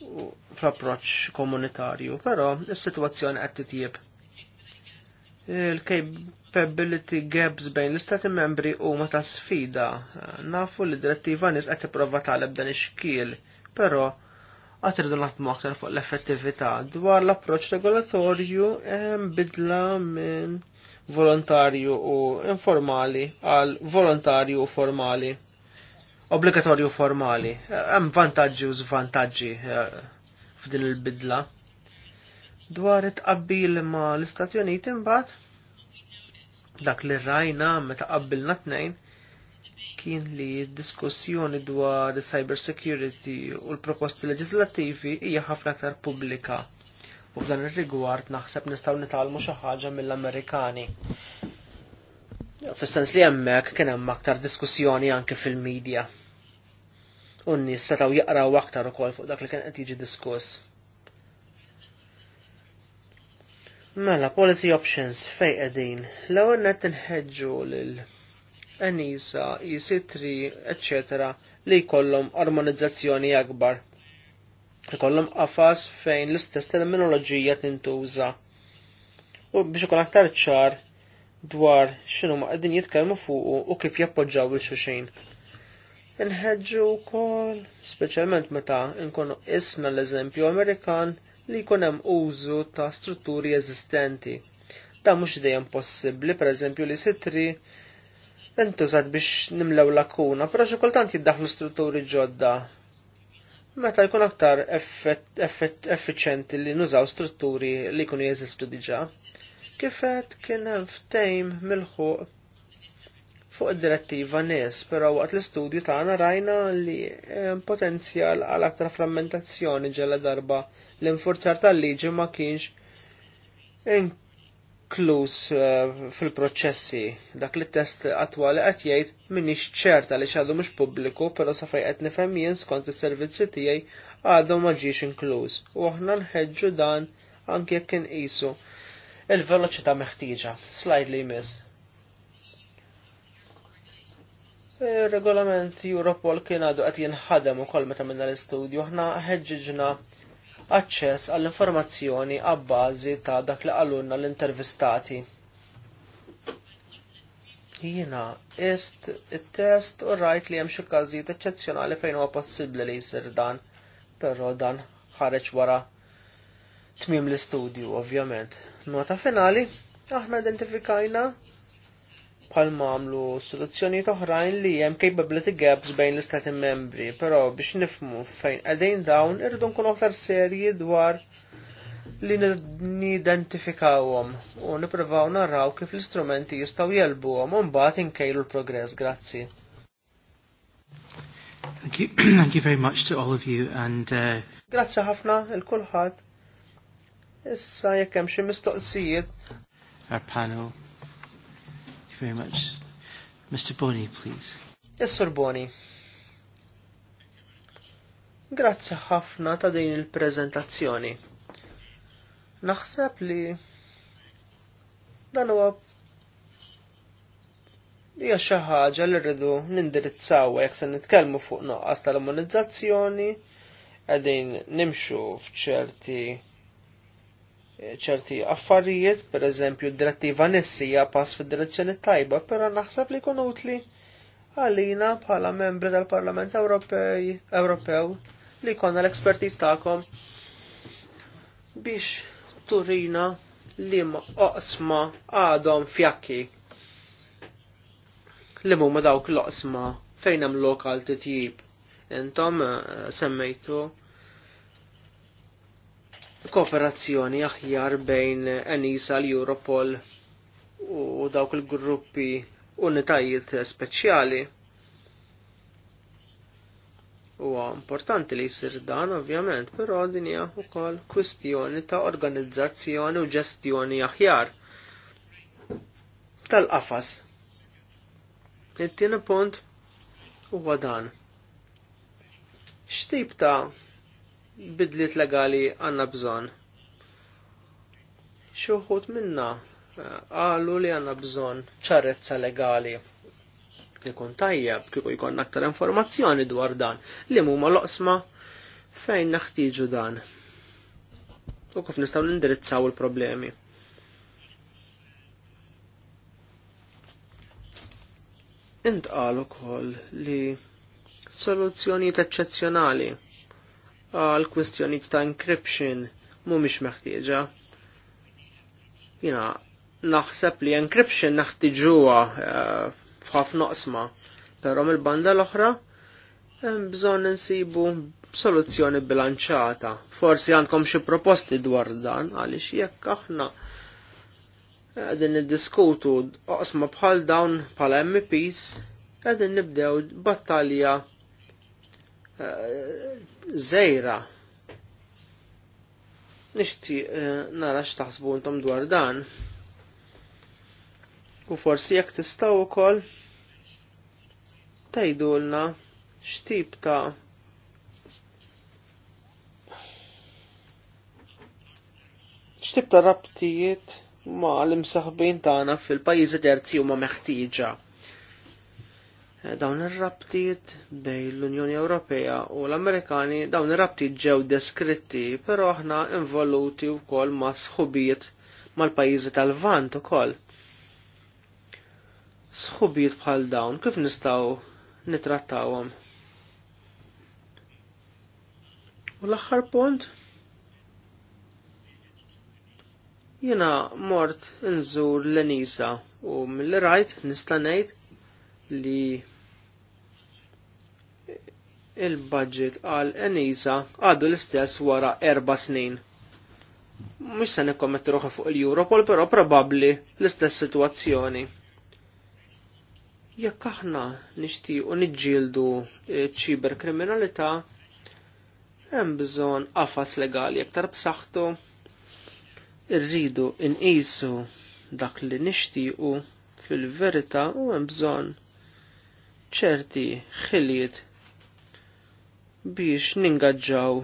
S1: fl-approċċ komunitarju, però is-sitwazzjoni qed il-kejb ability gaps bejn l-istati membri huma ta' sfida. Nafu li direttiva nis qed tipprova talab dan ix-xkiel, però għad irdu naħdmu aktar fuq l-effettività dwar l-approċċ regolatorju hemm bidla minn volontarju u informali għal volontarju u formali. Obbligatorju formali. Hemm vantaġġi u zvantaġġi eh, f'din il-bidla. Dwar it-qabbil ma l-Istati Uniti imbagħad dak li rajna meta qabbilna tnejn kien li diskussjoni dwar cyber security u l-proposti leġislattivi hija ħafna aktar pubblika. U f'dan ir-rigward naħseb nistgħu nitalmu xi ħaġa mill-Amerikani. Fis-sens li hemmhekk kien hemm aktar diskussjoni anke fil-medja. U n-nies setgħu jaqraw aktar ukoll fuq dak li kien qed jiġi diskuss. Mela, policy options fej edin. L-ewwel net nħedġu l Enisa, EC3, etc. li jkollhom armonizzazzjoni akbar. Ikollhom għafas fejn l-istess terminoloġija tintuża. U biex ikun aktar ċar dwar xinu ma qegħdin jitkellmu fuqu u kif jappoġġaw il xuxin Nħedġu wkoll, speċjalment meta nkunu isna l-eżempju Amerikan, li jkun hemm użu ta' strutturi eżistenti. Dan mhux dejjem possibbli, pereżempju li sitri intużat biex nimlew lakuna, però xi kultant jiddaħlu strutturi ġodda. Meta jkun aktar effiċenti li nużaw strutturi li jkunu jeżistu diġà. Kifet kien hemm ftejm mill-ħuq fuq id-direttiva nies, però waqt l-istudju tagħna rajna li potenzjal għal aktar frammentazzjoni ġella darba l-infurzar tal-liġi ma kienx inkluż eh, fil-proċessi. Dak li test attwali qed jgħid m'iniex ċerta li xadu mhux pubbliku, però sa fejn qed nifhem jien skont is-servizzi tiegħi għadhom ma ġiex inkluż. U aħna nħeġġu dan anke jekk inqisu il-veloċità meħtieġa. Slide li jmiss. Il-regolament Europol kien għadu għat jinħadem u kol meta minna l-istudju, ħna ħedġiġna aċċess għall-informazzjoni għabbażi ta' dak li għalunna l-intervistati. Jina, ist il-test u rajt li jemxu kazijiet eccezjonali fejn huwa possibbli li jisir dan, però dan ħareġ wara tmim l-istudju, ovvjament. Nota finali, aħna identifikajna bħalma għamlu soluzzjoni oħrajn li hemm capability gaps bejn l-istati membri, però biex nifmu fejn qegħdin dawn irridu nkunu aktar serji dwar li nidentifikawhom u nippruvaw naraw kif l-istrumenti jistgħu jelbuhom u mbagħad inkejlu l-progress. Grazzi. Thank you, <clears throat> thank you very much to all of you and uh... Grazzi ħafna il kulħadd. Issa jekk hemm xi mistoqsijiet. Our panel very much. Mr. Boni, please. Yes, Sir Boni. Grazzi ħafna ta' din il-prezentazzjoni. Naħseb li dan huwa hija xi ħaġa li rridu nindirizzaw jekk se nitkellmu fuq noqqas tal-immunizzazzjoni qegħdin nimxu f'ċerti ċerti affarijiet, per eżempju, d-direttiva nissija pass fid-direzzjoni tajba, pero naħseb li kun utli għalina bħala membri tal-Parlament Ewropew li konna l-ekspertiz ta'kom biex turina li ma oqsma għadhom fjakki li ma dawk l-oqsma fejn hemm lokal titjib. Intom eh, semmejtu kooperazzjoni aħjar bejn Enisa l-Europol u dawk il-gruppi unitajiet speċjali. Huwa importanti li jsir dan ovvjament, però din hija wkoll kwistjoni ta' organizzazzjoni u ġestjoni aħjar tal-qafas. It-tieni punt huwa dan. X'tip ta' bidliet legali għanna bżon. Xuħut minna eh, għalu li għanna bżon ċarrezza legali. Ikun tajjeb kiku jkun aktar informazzjoni dwar dan li huma loqsma fejn naħtiġu dan. U kif nistgħu nindirizzaw il-problemi. Intqalu ukoll li soluzzjonijiet eċċezzjonali għal kwistjoni ta' encryption mhumiex meħtieġa. Jina naħseb li encryption naħtiġuwa eh, f'ħafna qsma, però mill-banda l-oħra bżonn insibu soluzzjoni bilanċata. Forsi għandkom xi proposti dwar dan għaliex jekk aħna qegħdin niddiskutu oqsma bħal dawn bħala MPs qegħdin nibdew battalja Eh, zejra. Nishti eh, nara x'taħsbu intom dwar dan. U forsi jekk u kol tgħidulna x'tip ta' x'tib ta' rabtijiet ma' l-imsaħbin tagħna fil-pajjiżi terzi huma meħtieġa dawn ir-rabtiet bejn l-Unjoni Ewropea u l-Amerikani dawn ir-rabtiet ġew deskritti, però aħna involuti wkoll ma' sħubiet mal-pajjiżi tal-Vant ukoll. Sħubiet bħal dawn kif nistgħu nitrattawhom? U l-aħħar punt jiena mort nżur l-Enisa u mill-rajt nista' ngħid li il-budget għal Enisa għadu l-istess wara erba snin. Mux se nikkommetti ruħi fuq il-Europol, però probabbli l-istess situazzjoni. Jekk aħna nixtiequ niġġieldu ċiber kriminalità, hemm bżonn qafas legali aktar b'saħħtu, irridu inqisu dak li nixtiequ fil-verità u hemm bżonn ċerti ħiliet biex ningaġġaw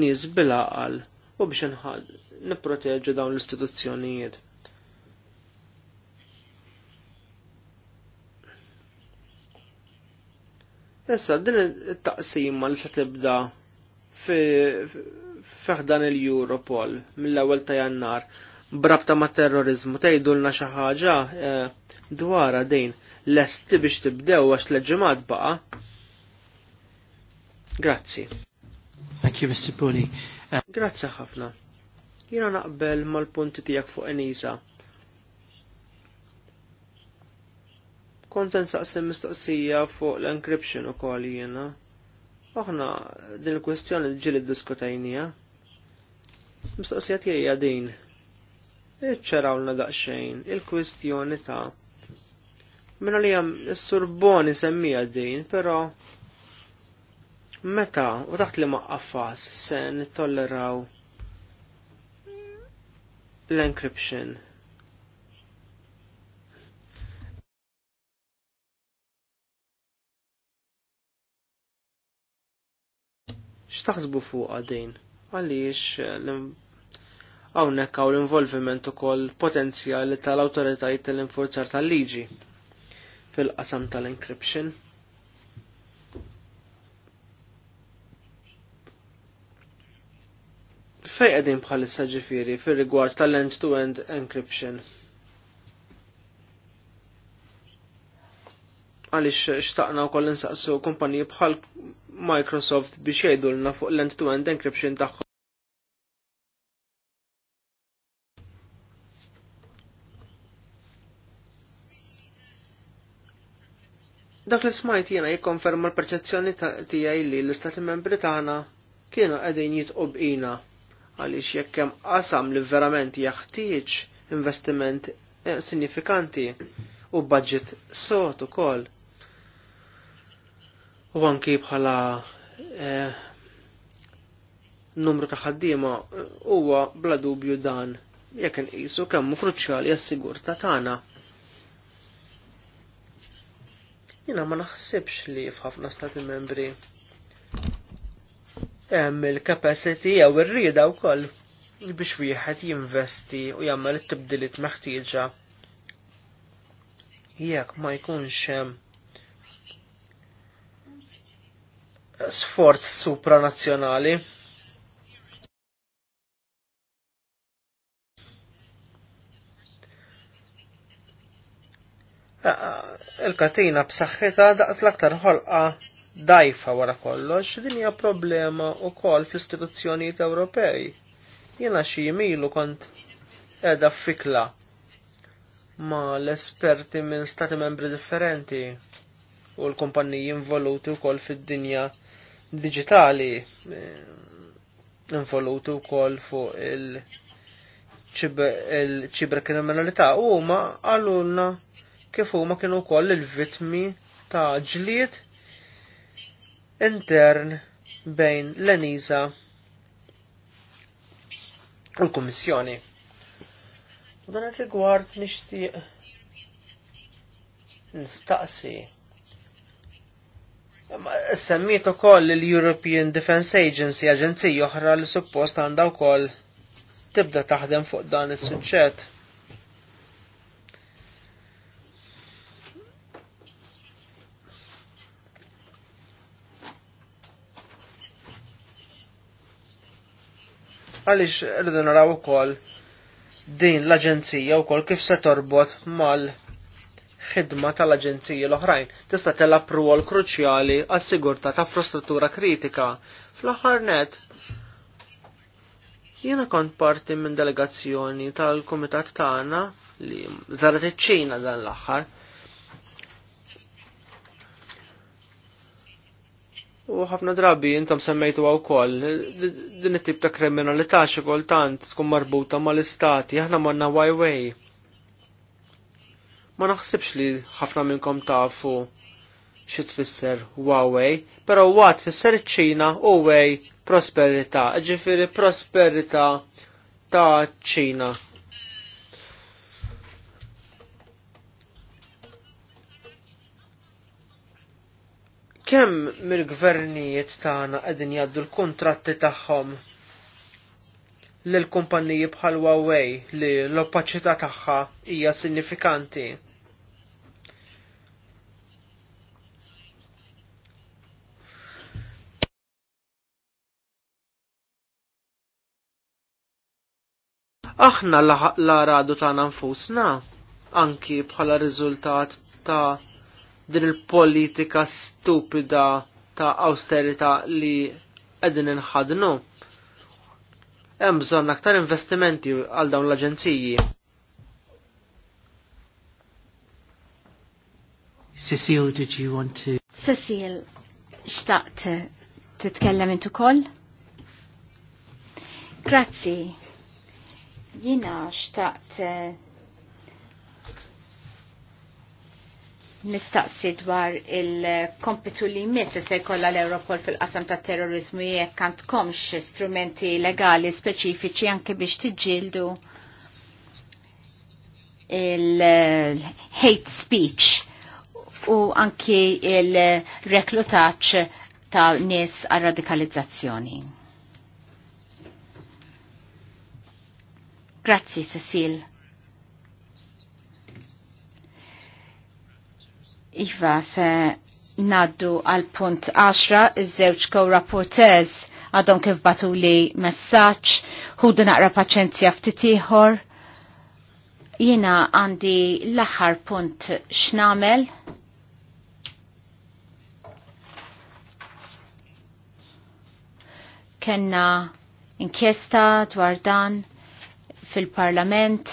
S1: nies bil-aqal u biex nħad nipproteġu dawn l-istituzzjonijiet. Issa din it-taqsima li se tibda fiħdan il-Europol mill-ewwel ta' jannar brabta ma' terrorizmu tgħidulna xi ħaġa eh, dwar dejn lesti biex tibdew għax l-ġemad baqa. Grazzi. Thank you, Mr. Puni. Uh, Grazzi ħafna. Jina naqbel mal-punti tijak fuq Enisa. Konten saqsim mistoqsija fuq l-encryption u kol jena. Aħna din il-kwestjoni ġili diskutajnija. Mistoqsija tijaj din. l daqxejn il-kwestjoni ta' Mela li jam s-surboni semmija din, pero meta u taħt li maqqafas se nittolleraw l-encryption. X'taħsbu fuq din? Għaliex hawnhekk hawn l-involviment ukoll potenzjali tal-awtoritajiet tal-infurzar tal-liġi. tal awtoritajiet tal infurzar tal infurzar tal liġi fil-qasam tal-encryption. Fej qegħdin bħalissa ġifieri fir-rigward tal-end-to-end encryption. Għaliex xtaqna wkoll insaqsu kumpanji bħal Microsoft biex jgħidulna fuq l-end-to-end encryption tagħhom. Dak li smajt jiena jikkonferma l-perċezzjoni tiegħi li l-Istati Membri tagħna kienu qegħdin jitqu bqina għaliex jekk hemm qasam li verament jaħtieġ investiment eh, sinifikanti u budget sot ukoll. U anki bħala eh, numru ta' ħaddiema eh, huwa bla dubju dan jekk inqisu kemm kruċjali għas-sigurtà tagħna. Jina ma naħsibx li f'ħafna stati membri hemm il-capacity jew ir-rieda wkoll biex wieħed jinvesti u jagħmel it-tibdiliet meħtieġa jekk ma jkunx hemm sforz supranazzjonali Eh, il-katina b'saħħitha daqs l-aktar ħolqa dajfa wara kollox, din hija problema wkoll fl-istituzzjonijiet Ewropej. Jiena xi jimilu kont qiegħda fikla ma l-esperti minn stati membri differenti u l-kumpanniji involuti wkoll fid-dinja digitali eh, involuti wkoll fuq il-ċiberkriminalità huma għalulna kif huma kienu wkoll il-vitmi ta' ġlied intern bejn l eniza u l-Kummissjoni. U dan rigward nixtieq nistaqsi. Semmiet ukoll l-European Defence Agency, aġenzija oħra li suppost għandha wkoll tibda taħdem fuq dan is-suġġett. għaliex rridu naraw ukoll din l-aġenzija wkoll kif se torbot mal-ħidma tal aġenzija l-oħrajn. Tista' telab rwol kruċjali għas sigurta ta' infrastruttura kritika. Fl-aħħar net, jiena kont parti minn delegazzjoni tal-kumitat tagħna li żaret iċ-Ċina dan l-aħħar U ħafna drabi intom semmejtu għaw kol, din it-tip ta' kriminalità xi kultant tkun marbuta l istati aħna manna way Ma naħsibx li ħafna minnkom tafu xi tfisser Huawei, però huwa tfisser iċ-Ċina u Way prosperità, ġifiri prosperità ta' Ċina. kemm mill-gvernijiet tagħna qegħdin jaddu l-kuntratti tagħhom l kumpanniji bħal Huawei li l-opaċità tagħha hija sinifikanti. Aħna l-aradu tagħna nfusna anki bħala riżultat ta' din il-politika stupida ta' austerita li qegħdin inħadnu. Hemm bżonn aktar investimenti għal dawn l-aġenziji. Cecile, did you want to?
S2: Cecil xtaqt titkellem intu koll? Grazzi. Jina xtaqt nistaqsi dwar il-kompitu li jmiss se jkollha l-Europol fil-qasam ta' terrorizmu kant komx strumenti legali speċifiċi anke biex tiġġieldu il-hate speech u anki il-reklutaċ ta' nies għal-radikalizzazzjoni. Grazzi, Cecil. Iva, se naddu għal punt 10, iż-żewġ co-rapportez għadhom kif batu li messaċ, hudu naqra paċenzja ieħor. Jiena għandi l aħħar punt xnamel. Kenna inkjesta dwar dan fil-parlament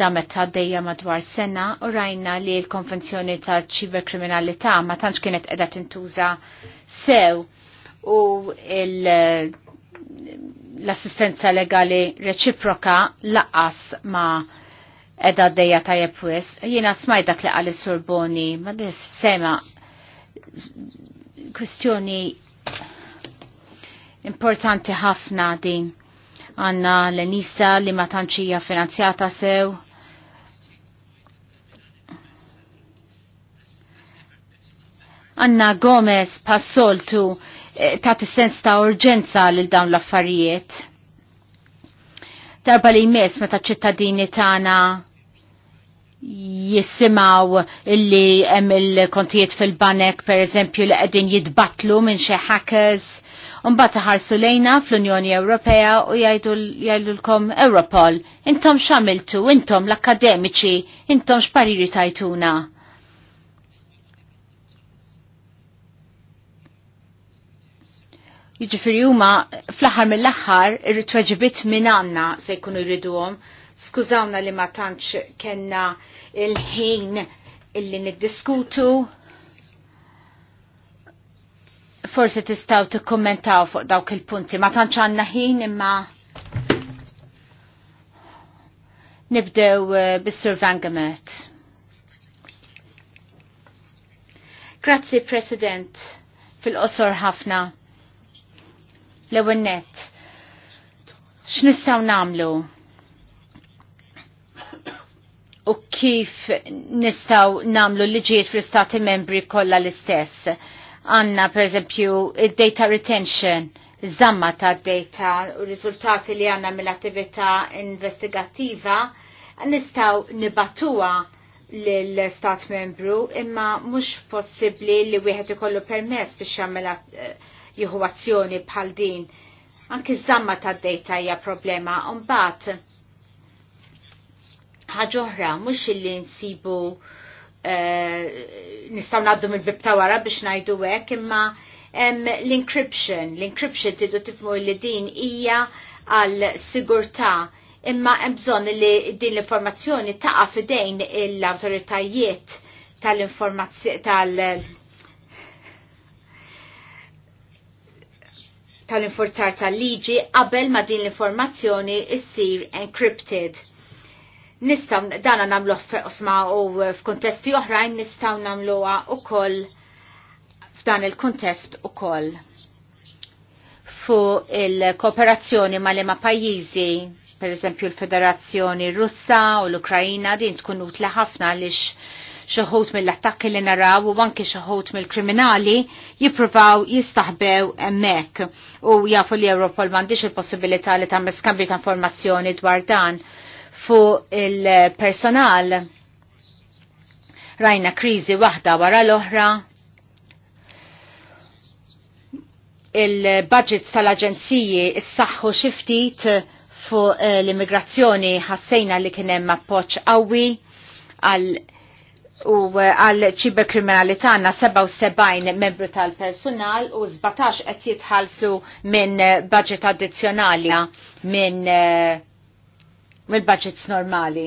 S2: damet ta' dejja madwar sena u rajna li l-konvenzjoni ta' ċiberkriminalità ma tantx kienet qiegħda tintuża sew u l-assistenza legali reċiproka laqas ma edha dejja tajjeb wis. Jiena smajdak li għalli Sorboni ma li sema kwistjoni importanti ħafna din għanna l-nisa li ma tantxija finanzjata sew Anna Gomez passoltu eh, ta' sens ta' urġenza lil dawn l-affarijiet. Darba li jmess meta ċittadini tagħna jissimaw illi hemm il-kontijiet fil-banek per eżempju li qegħdin jitbatlu minn xi hackers. Unbat ħarsu lejna fl-Unjoni Ewropea u l-kom Europol. Intom xamiltu, intom l-akademiċi, intom xpariri tajtuna. Jiġifieri huma fl-aħħar mill-aħħar irrid tweġibit minn għandna se jkunu jriduhom. Skużawna li ma tantx kellna il-ħin illi niddiskutu forse tistgħu tikkommentaw fuq dawk il-punti. Ma tantx għandna ħin imma nibdew eh, bis-Sur Vangamet. Grazzi President fil-qosor ħafna. L-ewwel nett. X'nistgħu nagħmlu? U kif nistgħu nagħmlu liġijiet fl-istati membri kollha l-istess? Għanna pereżempju id-data retention, zamma ta' data u riżultati li għanna mill-attività investigattiva nistgħu nibatuwa l-stat membru imma mhux possibbli li wieħed ikollu permess biex jagħmel eh, jieħu azzjoni bħal din. Anki żamma tad-dejta hija problema. Mbagħad ħaġoħra mhux illi nsibu eh, nistgħu ngħaddu mill-bibta wara biex ngħidu hekk imma l-encryption, l-encryption tidu tifmu li din hija għal sigurtà imma hemm bżonn li din l-informazzjoni taqa' fidejn l-awtoritajiet tal-informazzjoni tal-, -informazzjoni, tal tal-infurzar tal-liġi qabel ma din l-informazzjoni issir encrypted. Nistaw dana namlu f'osma u f'kontesti oħrajn nistaw u koll f'dan il-kontest ukoll. Fu il-kooperazzjoni ma' lema pajjiżi, per eżempju l-Federazzjoni Russa u l-Ukrajina din tkun utla ħafna għaliex xaħut mill-attakki li naraw u anki xaħut mill-kriminali jipruvaw jistaħbew emmek u jafu li Europol mandiġ il-possibilità li tam skambju ta' informazzjoni dwar dan fu il-personal rajna krizi waħda wara l-oħra il-budgets tal-aġenziji s-saxħu xiftit fuq eh, l-immigrazzjoni ħassejna li kienem appoċ qawwi għal u eh, għal ċiberkriminalità għanna 77 membru tal-personal u 17 qed jitħallsu minn eh, budget addizzjonali minn eh, mill budgets normali.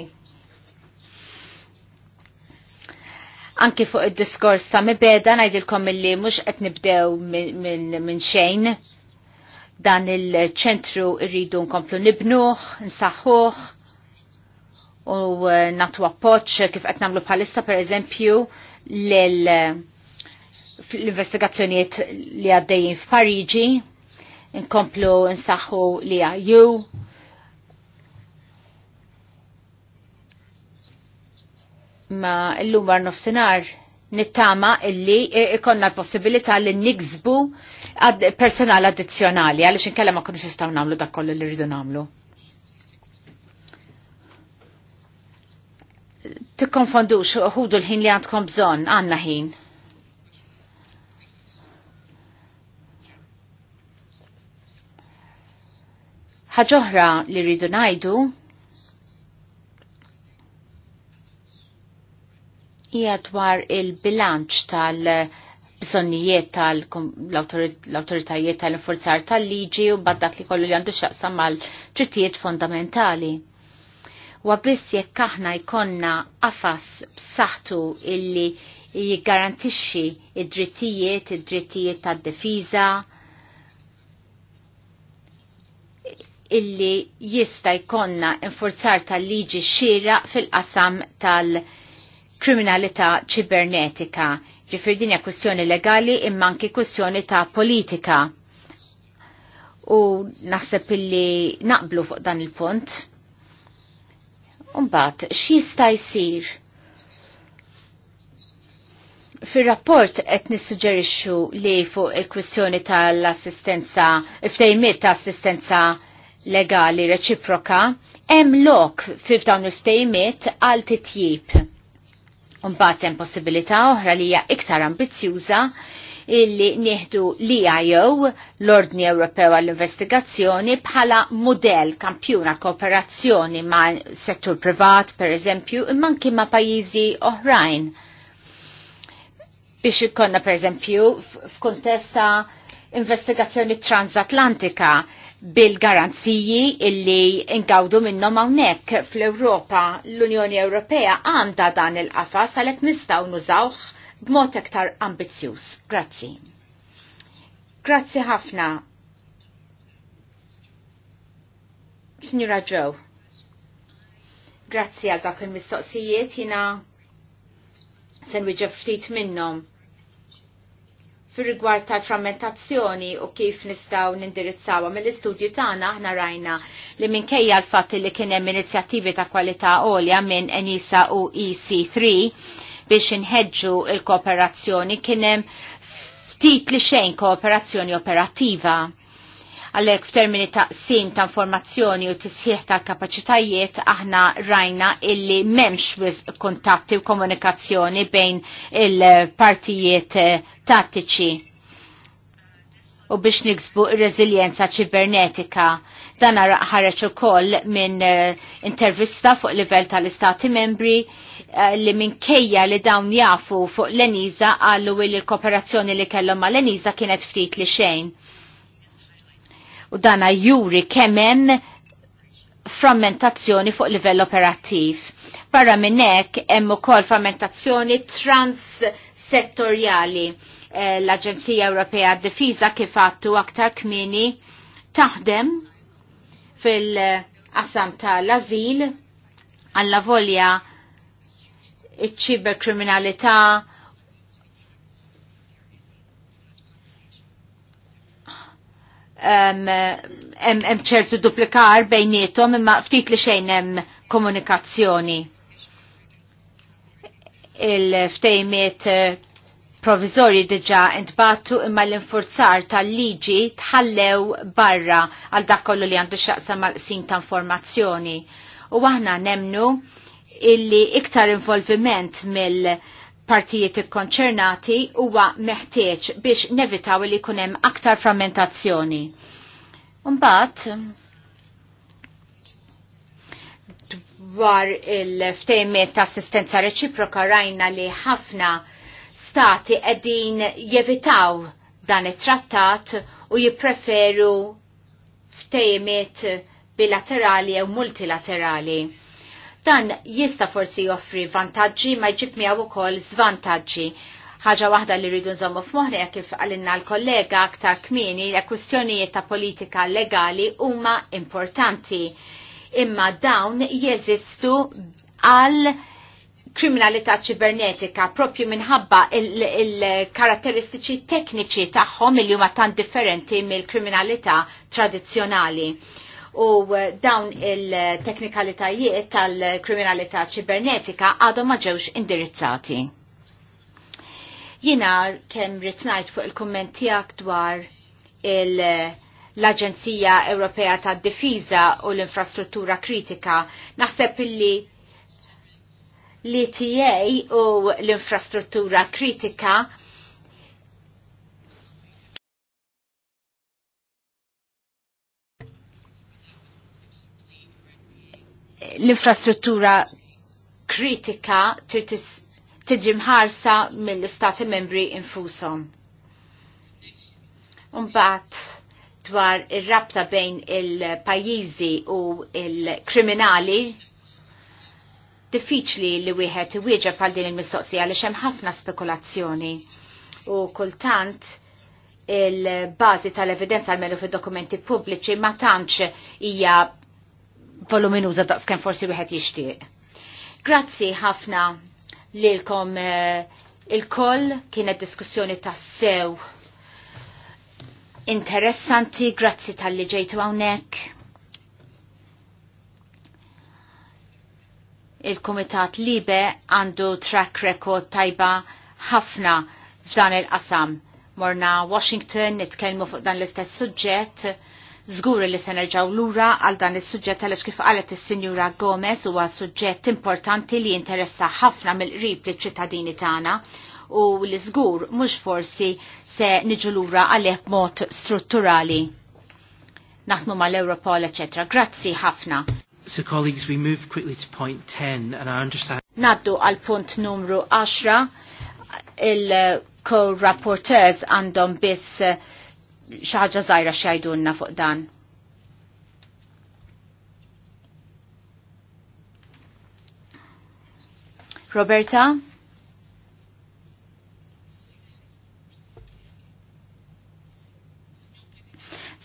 S2: Anki fuq id-diskors ta' mibeda ngħidilkom illi mhux qed nibdew minn xejn dan il-ċentru rridu nkomplu nibnuh, nsaħħuħ, u eh, natu appoċ kif qed nagħmlu bħalissa pereżempju eżempju eh, l-investigazzjonijiet li għaddejjin f'Pariġi, inkomplu nsaħħu li għaju. Ma l-lum għar nofsinar nittama illi ikonna l-possibilità li nigzbu personal addizzjonali għaliex inkella ma kunux jistgħu nagħmlu dak kollu li rridu nagħmlu. tikkonfondux uħudu l-ħin li għandkom bżon, għanna ħin. ħagħuħra li rridu najdu hija dwar il-bilanċ tal-bżonnijiet tal-autoritajiet tal-infurzar tal-liġi u baddak dak li kollu li għandu xaqsam mal-trittijiet fondamentali wa biss jekk aħna jkonna qafas b'saħħtu illi jiggarantixxi id-drittijiet, id-drittijiet tad-difiża, illi jista jkonna infurzar tal-liġi xira fil-qasam tal-kriminalità ċibernetika. Ġifir dinja kwistjoni legali imma anki kwistjoni ta' politika. U naħseb illi naqblu fuq dan il-punt. Umbat, x'jista' jsir? Fir-rapport qed nissuġġerixxu li fuq il-kwistjoni tal-assistenza, ftejmiet ta' assistenza legali reċiproka, hemm lok fif dawn il-ftejmiet għal titjib. Umbat hemm possibilità oħra li hija iktar ambizzjuża illi nieħdu l-IIO, e l-Ordni Ewropew għall-Investigazzjoni, bħala model kampjuna kooperazzjoni ma' settur privat, per eżempju, imman ma' pajizi oħrajn. Biex ikkonna, per eżempju, f'kontesta investigazzjoni transatlantika, bil-garanziji illi ingawdu minnom hawnhekk fl-Ewropa l-Unjoni Ewropea għandha dan il-qafas għalhekk nistgħu nużawh b'mod iktar ambizzjuż. Grazzi. Grazzi ħafna. Signora Joe. Grazzi għal dak il-mistoqsijiet jina sen wieġeb ftit minnhom fir rigward tal-frammentazzjoni u kif nistgħu nindirizzawha mill-istudju tagħna aħna rajna li minkejja l-fatt li kien hemm inizjattivi ta' kwalità għolja minn Enisa u EC3 biex inħedġu il-kooperazzjoni kienem ftit li xejn kooperazzjoni operattiva għallek f'termini ta' sim ta' informazzjoni u tisħiħ ta' kapacitajiet aħna rajna illi memx wiz kontatti u komunikazzjoni bejn il-partijiet tattiċi. U biex niksbu ir-reżiljenza ċibernetika dan ħareċ ukoll minn eh, intervista fuq livell tal-istati membri Eh, li minkejja li dawn jafu fuq l-Eniza għallu li l-kooperazzjoni li kellhom ma l-Eniza kienet ftit li xejn. U dana juri kemem frammentazzjoni fuq livell operattiv. Barra minnek hemm ukoll frammentazzjoni transsettorjali. Eh, L-Aġenzija Ewropea d-Difiża kif għattu aktar kmini taħdem fil-qasam tal-azil għalla volja iċ kriminalità hemm ċertu duplikar bejnietom imma ftit li xejn hemm komunikazzjoni. Il-ftejmiet eh, provizorji diġa intbattu imma l-infurzar tal-liġi tħallew barra għal dak kollu li għandu xaqsam mal sin ta' informazzjoni. U aħna nemnu illi iktar involviment mill partijiet ikkonċernati huwa meħtieġ biex nevitaw li kunem aktar frammentazzjoni. Mbagħad dwar il-ftejmiet ta' assistenza reċiproka rajna li ħafna stati qegħdin jevitaw dan it-trattat u jippreferu ftejmiet bilaterali jew multilaterali Dan jista forsi joffri vantaġġi ma jġib miegħu wkoll żvantaġġi. Ħaġa waħda li rridu nżommu f'moħħna kif għalinna l-kollega aktar kmieni li kwistjonijiet ta' politika legali huma importanti. Imma dawn jeżistu għal kriminalità ċibernetika propju minħabba il-karatteristiċi il tekniċi tagħhom il huma tant differenti mill-kriminalità tradizzjonali u eh, dawn il-teknikalitajiet tal-kriminalità ċibernetika għadhom ma ġewx indirizzati. Jina kemm ritnajt fuq il kommenti tiegħek dwar il- l-Aġenzija Ewropea tad difiża u l-Infrastruttura Kritika naħseb illi l-ETA u l-infrastruttura kritika l-infrastruttura kritika tiġi mħarsa mill-istati membri infusom. Unbat dwar ir-rabta bejn il-pajjiżi u il-kriminali diffiċli li wieħed iwieġeb għal din il-mistoqsija li hemm ħafna spekulazzjoni u kultant il-bażi tal-evidenza għal-melu fid-dokumenti pubbliċi ma tantx hija voluminuża daqskemm forsi wieħed jixtieq. Grazzi ħafna lilkom eh, il-koll kienet diskussjoni ta' sew interessanti, grazzi tal-li ġejtu hawnhekk. Il-Kumitat Libe għandu track record tajba ħafna f'dan il-qasam. Morna Washington nitkellmu fuq dan l-istess suġġett Żgur li se nerġaw lura għal dan is-suġġett tal kif qalet is-Sinjura Gomez huwa suġġett importanti li interessa ħafna mill-qrib liċ-ċittadini tagħna u li żgur mhux forsi se niġu lura għalih mod strutturali. Naħdmu mal-Europol, etc. Grazzi ħafna.
S1: So colleagues, we move quickly to point 10 and I understand.
S2: Naddu għal punt numru 10 il-co-rapporteurs għandhom biss xaħġa zaħra xajdunna fuq dan. Roberta?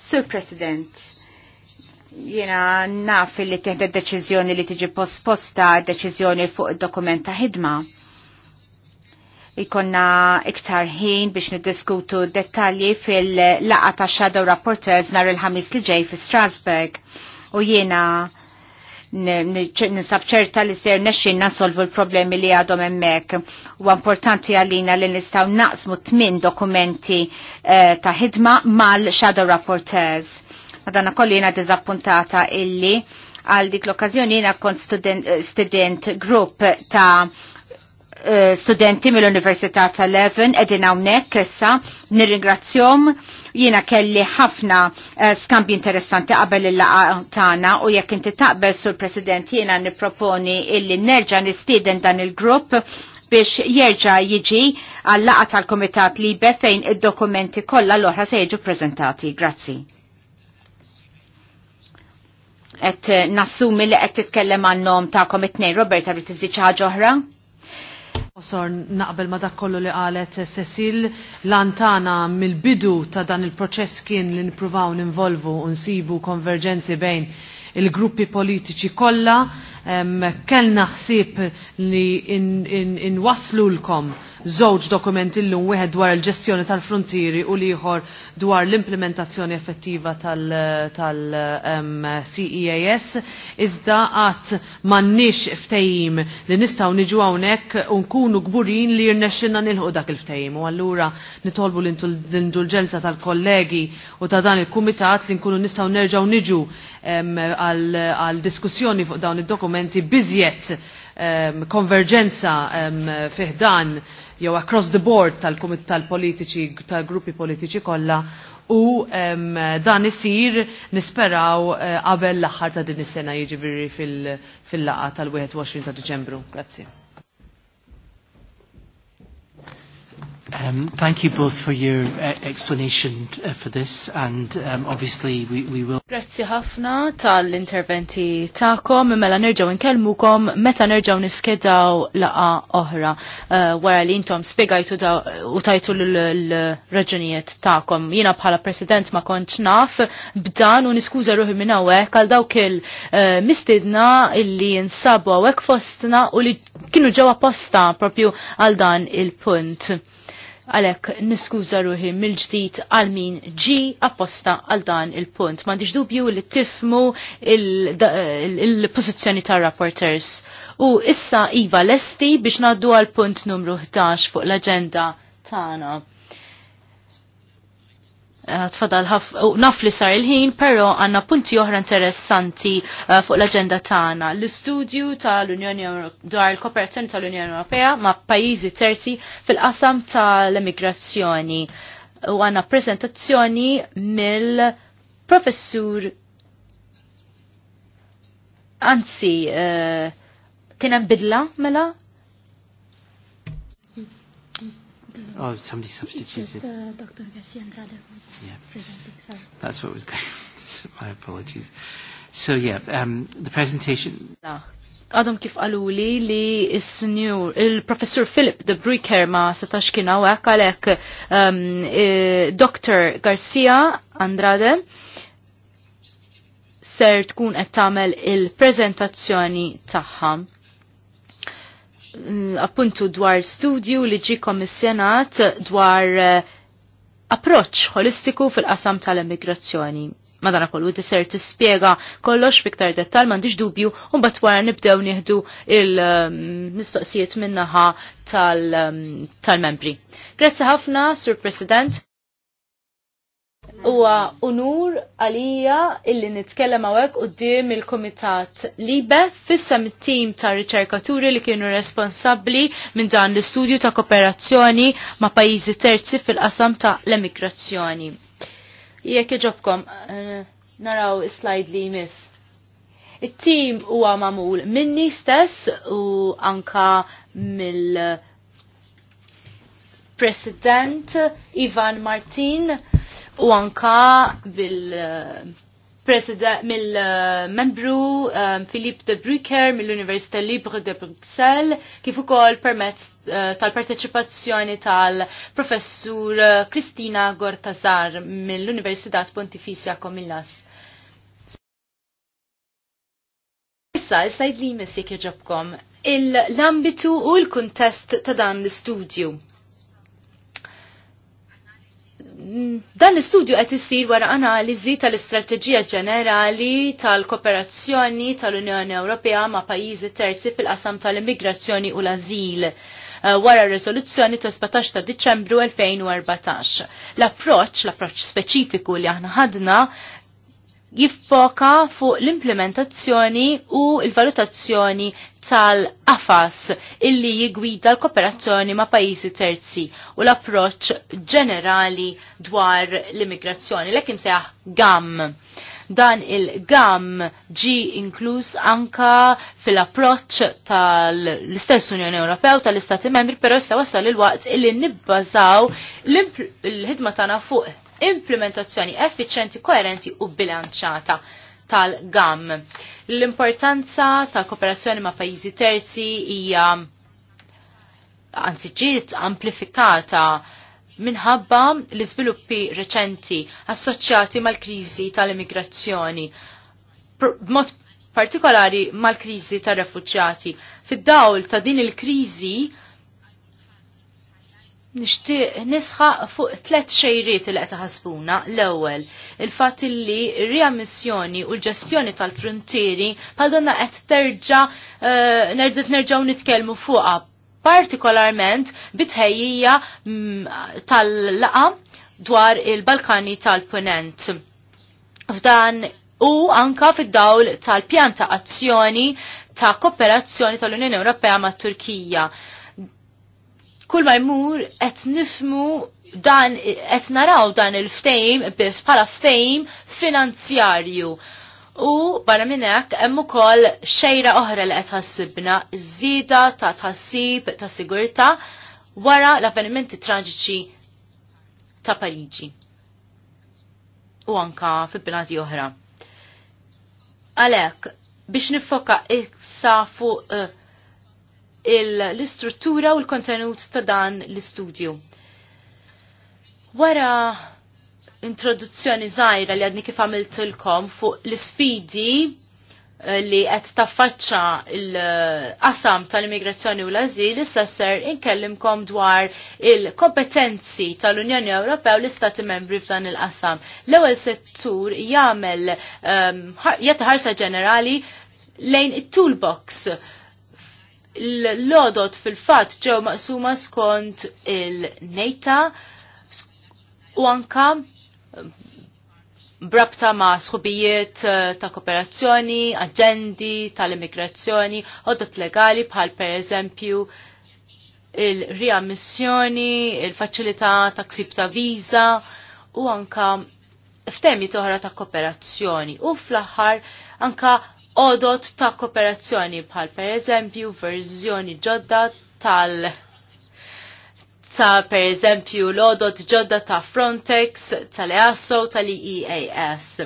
S2: Sur President, jena naf li teħda deċizjoni li tiġi posposta deċizjoni fuq dokumenta ħidma ikonna iktar ħin biex niddiskutu dettalji fil-laqa ta' Shadow Rapporteurs nar il-ħamis li ġej fi Strasbourg u jiena nisab ċerta li ser nesċin nasolvu l-problemi li għadhom hemmhekk. U importanti għalina li nistgħu naqsmu tmien dokumenti eh, ta' ħidma mal-Shadow Rapporteurs. Madana kollu jiena diżappuntata illi għal dik l-okkazjoni jiena kont student group ta' Eh, studenti mill-Università ta' Leven edin hawnhekk issa nirringrazzjom jiena kelli ħafna eh, skambi interessanti qabel il-laqa tagħna u jekk inti taqbel sur President jiena nipproponi illi nerġa' nistieden dan il-grupp biex jerġa' jiġi għall-laqa tal-Komitat Libe fejn id-dokumenti kollha l-oħra se jiġu preżentati. Grazzi et eh, nassumi li qed titkellem
S4: għannom ta' Komitnej tnejn Roberta rrid tiżi ħaġa oħra? Osor naqbel ma dak kollu li qalet Cecil lantana mill-bidu ta' dan il-proċess kien li nipruvaw ninvolvu u nsibu konverġenzi bejn il-gruppi politiċi kollha kellna ħsieb li in, in, in żewġ dokumenti llum wieħed dwar il-ġestjoni tal-frontieri u liħor dwar l-implementazzjoni effettiva tal-CEAS iżda għat m'għandniex ftehim li nistgħu niġu hawnhekk u nkunu gburin li rnexxinna nilħu dak il-ftehim u allura nitolbu l-indulġenza tal-kollegi u ta' dan il-kumitat li nkunu nistgħu nerġgħu niġu għal diskussjoni fuq dawn id-dokumenti biżjed konverġenza fiħdan jew across the board tal-politiċi, tal tal-gruppi politiċi kollha u um, dan isir nisperaw eh, qabel uh, l-aħħar ta' din is-sena jiġifieri fil-laqa fil laqgħa fil tal 21 ta' Diċembru. Grazzi.
S1: Um, thank you both for your uh, explanation uh, for this and um, obviously we, we will...
S3: Grazzi ħafna tal-interventi ta'kom mela nerġaw nkellmukom meta nerġaw niskedaw laqa oħra uh, wara li intom spiegajtu u tajtu l-raġunijiet ta'kom. Jina bħala president ma konċ naf b'dan u niskuza ruħi minn hawnhekk għal dawk il-mistidna illi jinsabu hawnhekk fostna u li kienu ġewwa posta propju għal dan il-punt. Għalek niskuża ruħi mill-ġdid għal min ġi apposta għal dan il-punt. M'għandix dubju li tifmu il-pożizzjoni tar rapporters U issa Iva Lesti biex naddu għal punt numru 11 fuq l-aġenda tagħna tfadal naf li sar il-ħin, pero għanna punti oħra interessanti uh, fuq l-agenda tagħna. L-istudju tal-Unjoni dwar il-kooperazzjoni tal-Unjoni Ewropea ma' pajjiżi terzi fil-qasam tal-immigrazzjoni. U għanna prezentazzjoni mill-professur Anzi, uh, kien hemm bidla mela
S4: Oh, somebody substituted. Just, uh, Dr. Garcia Andrade was yeah. presenting. Sorry.
S1: That's what was going on. <laughs> My apologies. So, yeah, um, the presentation...
S3: Għadhom kif għaluli li s-senjur, il-professor Philip de Bricker ma setax kien għawek għalek um, e, Dr. Garcia Andrade ser tkun qed tagħmel il prezentazzjoni taħħam. Mm, appuntu dwar studju li ġi kommissjonat dwar eh, approċ holistiku fil-qasam tal-immigrazzjoni. Madana kollu tiser tispiega kollox fiktar dettal mandiġ dubju un bat wara nibdew nieħdu il-mistoqsijiet minnaħa mm, tal-membri. Grazie Grazzi ħafna, Sur President. Huwa unur għalija illi nitkellem u quddiem il-Kumitat Libe fissem it-tim ta' riċerkaturi li kienu responsabbli minn dan l-istudju ta' kooperazzjoni ma' pajjiżi terzi fil-qasam ta' l-emigrazzjoni. Jekk iġobkom, eh, naraw slide li jmiss. It-tim huwa mamul minni stess u anka mill President Ivan Martin u anka bil mill-membru um, Philippe de Brucker mill-Università Libre de Bruxelles kif ukoll permezz uh, tal-parteċipazzjoni tal-professur uh, Kristina Gortazar mill-Università Pontificia Comillas. Issa, il-sajd li jmissik jġobkom l-ambitu u l-kuntest ta' dan l-studju. Dan l-istudju qed isir wara analiżi tal-istrateġija ġenerali tal-kooperazzjoni tal-Unjoni Ewropea ma' pajjiżi terzi fil-qasam tal-immigrazzjoni u l-azil eh, wara r-rezoluzzjoni ta' 17 ta' Diċembru 2014. L-approċ, l-approċ speċifiku li aħna ħadna jiffoka fuq l-implementazzjoni u l-valutazzjoni tal-AFAS illi jigwida l-kooperazzjoni ma' pajjiżi terzi u l-approċ ġenerali dwar l-immigrazzjoni, l-ekim sejaħ GAM dan il-gam ġi inkluż anka fil-approċ tal-istess Unjoni Ewropew tal-Istati Membri, però issa wasal il-waqt illi nibbażaw l-ħidma tagħna fuq implementazzjoni effiċenti, koerenti u bilanċata tal-GAM. L-importanza tal-kooperazzjoni ma' pajjiżi terzi hija anzi ġiet amplifikata minħabba l-iżviluppi reċenti assoċjati mal-kriżi tal-immigrazzjoni, b'mod partikolari mal-kriżi tar refuġġjati Fid-dawl ta' din il-kriżi nixtieq nisħaq fuq tlet xejriet li qed taħasbuna. L-ewwel, il-fatt li riammissjoni u l-ġestjoni tal-frontieri bħal donna qed terġa' eh, nerġa' nerġgħu nitkellmu fuqha partikolarment bitħejjija mm, tal-laqa dwar il-Balkani tal-Punent. F'dan u anka fid-dawl tal-pjanta azzjoni ta' kooperazzjoni tal-Unjoni Ewropea ma' Turkija kull ma jmur qed nifmu dan qed naraw dan il-ftejm biss bħala ftejm finanzjarju. U barra minn hekk hemm ukoll xejra oħra li qed ħassibna żieda ta' tħassib ta' sigurtà wara l-avvenimenti traġiċi ta' Pariġi. U anka fi binati oħra. Għalhekk biex nifoka iksa fuq uh, l-istruttura u l-kontenut ta' dan l-istudju. Wara introduzzjoni zaħira li għadni kif għamiltilkom fuq l-sfidi eh, li qed taffaċċa l-qasam tal-immigrazzjoni u l-azil, issa ser inkellimkom dwar il-kompetenzi tal-Unjoni Ewropea u l-Istati Membri f'dan il-qasam. L-ewwel settur jagħmel um, eh, jagħti ħarsa ġenerali lejn it-toolbox l-lodot fil-fat ġew maqsuma skont il-nejta u anka brabta ma' sħubijiet eh, ta' kooperazzjoni, agendi tal-immigrazzjoni, għodot legali bħal per eżempju il-riammissjoni, il-facilità ta' ksib ta' viza u anka ftemi toħra ta' kooperazzjoni u fl-aħħar anka odot ta' kooperazzjoni bħal per eżempju verżjoni ġodda tal- ta' per eżempju l-odot ġodda ta' Frontex, tal-EASO, tal eas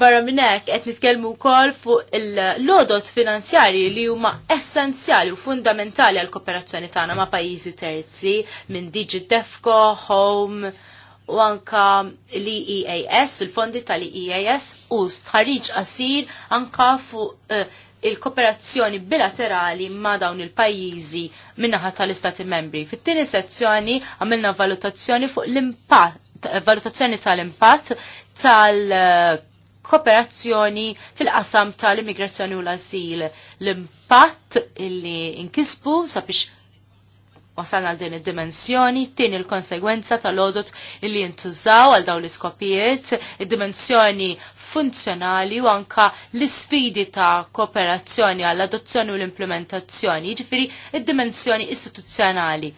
S3: barra minnek qed nitkellmu wkoll fuq il odot finanzjarji li huma essenzjali u fundamentali għal kooperazzjoni tagħna ma' pajjiżi terzi minn Digi Defco, Home, u anka l-EAS, e il-fondi tal-EAS e u stħarriġ qasir anka fuq eh, il-kooperazzjoni bilaterali ma' dawn il-pajjiżi minnaħa tal-Istati membri. Fit-tieni sezzjoni għamilna valutazzjoni fuq l-impatt, valutazzjoni tal-impatt tal-kooperazzjoni fil-qasam tal-immigrazzjoni u l-asil. L-impatt li inkisbu sabiex wasalna din id-dimensjoni, tin il-konsegwenza tal-odot li jintużaw għal daw l-iskopijiet, id-dimensjoni funzjonali u anka l-sfidi ta' kooperazzjoni għall adozzjoni u l-implementazzjoni, ġifiri id-dimensjoni istituzzjonali.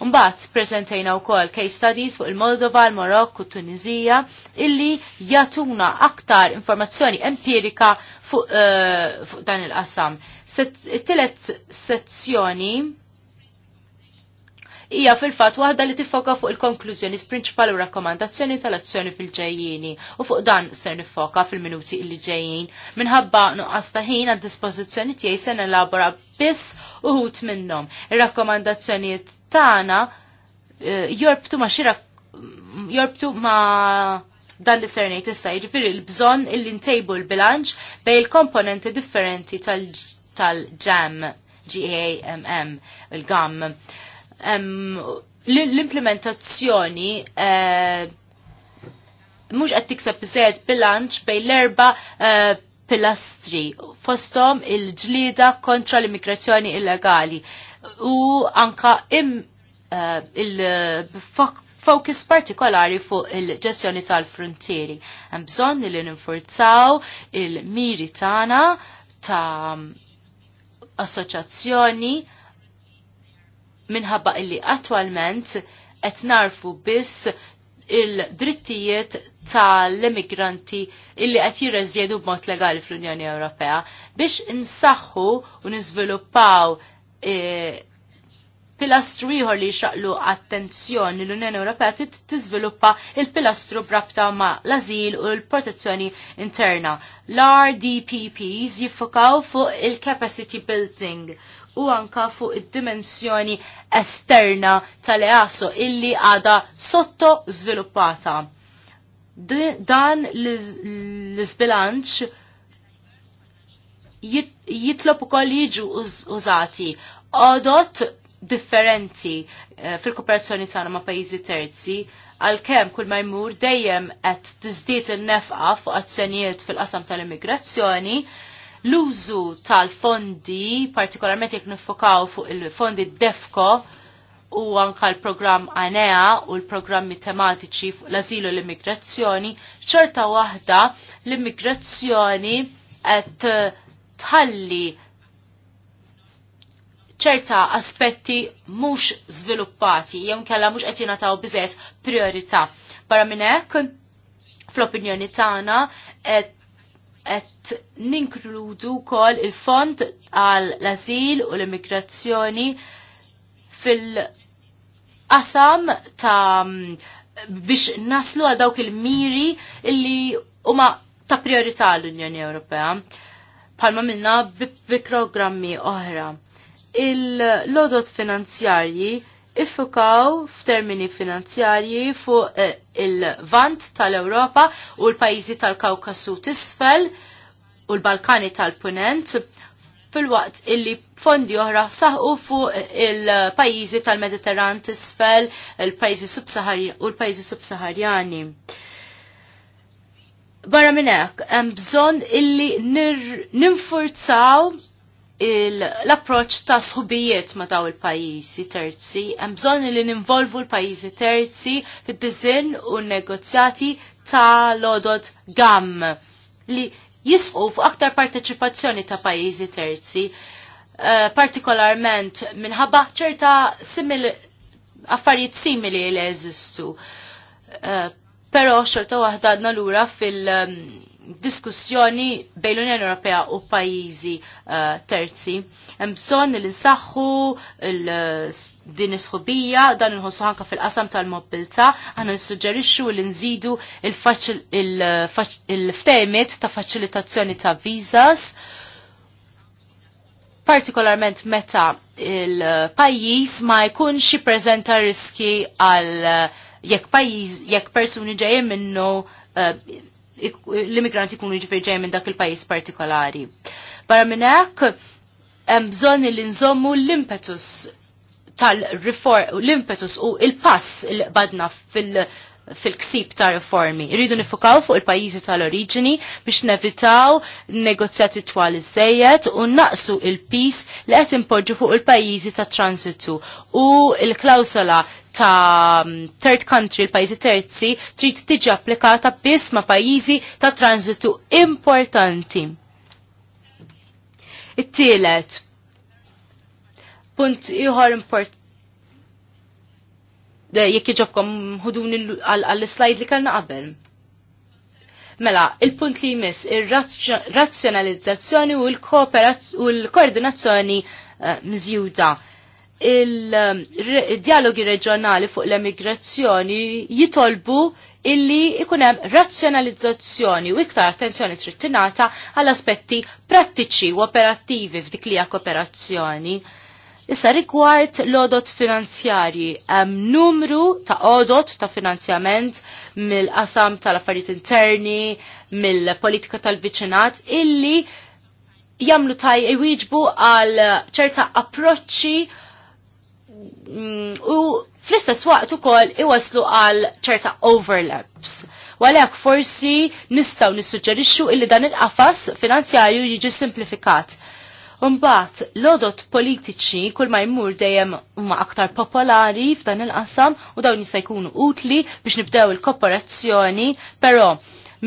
S3: Mbagħad preżentejna wkoll case studies fuq il-Moldova, il-Marokk u Tunizija illi jatuna aktar informazzjoni empirika fuq, uh, fuq dan il-qasam. Set, Tilet sezzjoni hija fil-fatt waħda li tifoka fuq il-konklużjoni principali u rakkomandazzjoni tal-azzjoni fil-ġejjini u fuq dan ser nifoka fil-minuti li ġejjin minħabba nuqqas ta' ħin għad-dispożizzjoni tiegħi se nelabora biss uħut minnhom. Ir-rakkomandazzjonijiet tagħna eh, jorbtu ma xi jorbtu ma dan li ser ngħid issa jiġifieri l-bżonn illi ntejbu l-bilanċ bej il-komponenti differenti tal-ġam GAMM il-GAM l-implementazzjoni eh, mhux qed tikseb biżejjed bilanċ bejn l-erba' eh, pilastri fostom il-ġlida kontra l-immigrazzjoni illegali u anka im uh, eh, il-focus partikolari fuq il-ġestjoni tal-frontieri. Hemm bżonn li ninfurzaw il-miri tagħna ta' assoċjazzjoni minħabba illi attwalment qed narfu biss il-drittijiet tal-immigranti illi qed jirreżjedu b'mod legali fl-Unjoni Ewropea biex insaħħu u niżviluppaw e, pilastru ieħor li jxaqlu attenzjoni l-Unjoni Ewropea tiżviluppa il-pilastru brabta ma' l-azil u l-protezzjoni interna. L-RDPPs jiffokaw fuq il-capacity building u anka fuq id-dimensjoni esterna tal-EASO illi għada sotto sviluppata. Dan l-sbilanċ jitlob ukoll jiġu użati għodot differenti eh, fil-kooperazzjoni tagħna ma' pajjiżi terzi għal-kem kull ma jmur dejjem qed tiżdied in-nefqa fuq azzjonijiet fil-qasam tal-immigrazzjoni l-użu tal-fondi, partikolarment jekk nifokaw fuq il-fondi DEFCO u anka l-programm ANEA u l-programmi tematiċi fuq l-azilu l-immigrazzjoni, ċerta waħda l-immigrazzjoni qed tħalli ċerta aspetti mhux żviluppati, jew kella mhux qed jingħataw biżgħet priorità. Barra minn hekk, fl-opinjoni tagħna qed qed ninkludu wkoll il-fond għal l azil u l-immigrazzjoni fil-qasam ta' biex naslu għal dawk il-miri illi huma ta' priorità l-Unjoni Ewropea palma minna bi programmi oħra. Il-lodot finanzjarji iffukaw f'termini finanzjarji fuq eh, il-vant tal-Ewropa u l-pajjiżi tal-Kawkasu isfel u l-Balkani tal-Punent fil-waqt illi fondi oħra saħu fuq il-pajjiżi tal-Mediterran tisfel, il-pajjiżi u l-pajjiżi subsaharjani. Barra minn hekk hemm bżonn illi ninfurzaw l-approċ ta' sħubijiet ma' daw il-pajjiżi terzi, hemm bżonn li ninvolvu l-pajjiżi terzi fid-diżinn u negozjati ta' lodod gam li jisqu fuq aktar parteċipazzjoni ta' pajjiżi terzi, eh, partikolarment minħabba ċerta simil affarijiet simili li jeżistu. Eh, però xorta waħda għadna lura fil- diskussjoni bejn l-Unjoni Ewropea u pajjiżi uh, terzi. Hemm bżonn li nsaħħu uh, din isħubija dan inħossu anke fil-qasam tal-mobilità aħna nissuġġerixxu li nżidu il-ftehimiet uh, ta' faċilitazzjoni ta' visas partikolarment meta il-pajjiż uh, ma jkunx jippreżenta riski għal jekk pajjiż jekk persuni ġejjin minnu l-immigranti kunu ġifir ġej minn dak il-pajis partikolari. Barra minn hekk hemm bżonn li nżommu l-impetus tal-rifor, l-impetus u il-pass il-badna fil- fil-ksib ta' reformi. Irridu nifukaw fuq il-pajizi tal-oriġini biex nevitaw negozjati twal iż u naqsu il-pis li qed impoġġu fuq il-pajizi ta' transitu u il-klawsola ta' mm, third country, il-pajizi terzi, trid tiġi applikata biss ma' pajizi ta' transitu importanti. It-tielet, punt iħor importanti Eh, jekk iġobkom ħudun għall-slajd li kellna qabel. Mela, il-punt li jmiss ir-razzjonalizzazzjoni u l-koordinazzjoni eh, mżjuda. Il-dialogi reġjonali fuq l-emigrazzjoni jitolbu illi ikunem razzjonalizzazzjoni u iktar attenzjoni trittinata għall aspetti prattiċi u operattivi f'dik li kooperazzjoni. kooperazzjoni Issa rigward l-odot finanzjarji, hemm numru ta' odot ta' finanzjament mill-qasam tal-affarijiet interni, mill-politika tal-viċinat illi jamlu taj iwiġbu għal ċerta approċċi mm, u fl-istess waqt ukoll iwaslu għal ċerta overlaps. Walek forsi nistaw nissuġġerixxu illi dan il-qafas finanzjarju jiġi simplifikat Mbagħad l-odot politiċi kull ma jmur dejjem huma aktar popolari f'dan il-qasam u dawn jista' jkunu utli biex nibdew il-kooperazzjoni, però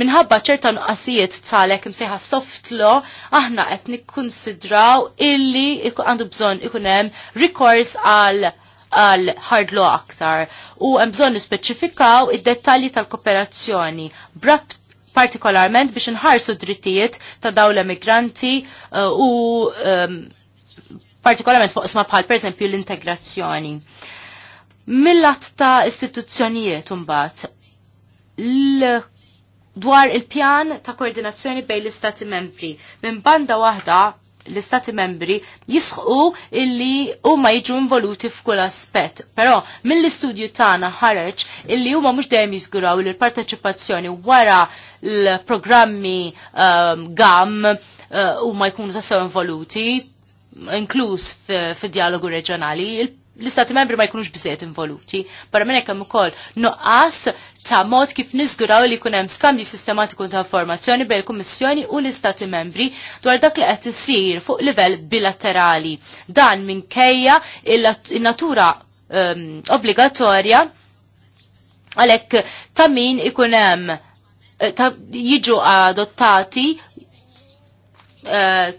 S3: minħabba ċerta nuqqasijiet talek imsejħa soft law, aħna qed nikkunsidraw illi għandu bżonn ikun hemm rikors għal għal hard law aktar u hemm bżonn nispeċifikaw id-dettalji tal-kooperazzjoni. Brabt partikolarment biex nħarsu drittijiet ta' dawl emigranti uh, u um, partikolarment fuq isma bħal pereżempju l-integrazzjoni. Millat ta' istituzzjonijiet mbagħad dwar il-pjan ta' koordinazzjoni bejn l-istati membri. Minn banda waħda l-istati membri jisħu illi huma jiġu involuti f'kull aspett. Però mill-istudju tagħna ħareġ illi huma mhux dejjem jiżguraw li l-parteċipazzjoni wara l-programmi um, ehm, GAM eh, huma uh, jkunu sew involuti inkluż fid-dialogu reġjonali l-istati membri ma jkunux bżiet involuti. Barra minn hemm ukoll nuqqas ta' mod kif niżguraw li jkun hemm skambju sistematiku ta' informazzjoni bejn il-Kummissjoni u l-istati membri dwar dak li qed isir fuq livell bilaterali. Dan minkejja il-natura um, ehm, obbligatorja għalhekk ta' min ikun hemm eh, jiġu adottati eh,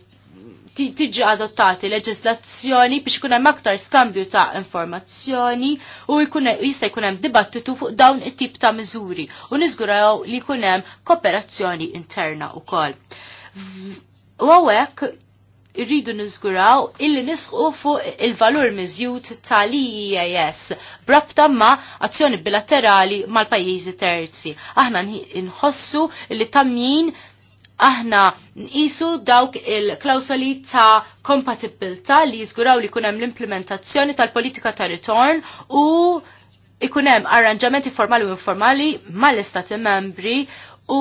S3: tiġi adottati leġislazzjoni biex kunem hemm aktar skambju ta' informazzjoni u jista' jkun hemm dibattitu fuq dawn it-tip ta' miżuri u niżguraw li jkun hemm kooperazzjoni interna wkoll. U għawek irridu niżguraw illi nisqu fuq il-valur miżjud tal-IES e brabta ma' azzjoni bilaterali mal-pajjiżi terzi. Aħna nħossu li tamjin aħna nqisu dawk il-klawsoli ta' kompatibilta li jizguraw li kunem l-implementazzjoni tal-politika ta' return u ikunem arranġamenti formali u informali mal-istati membri u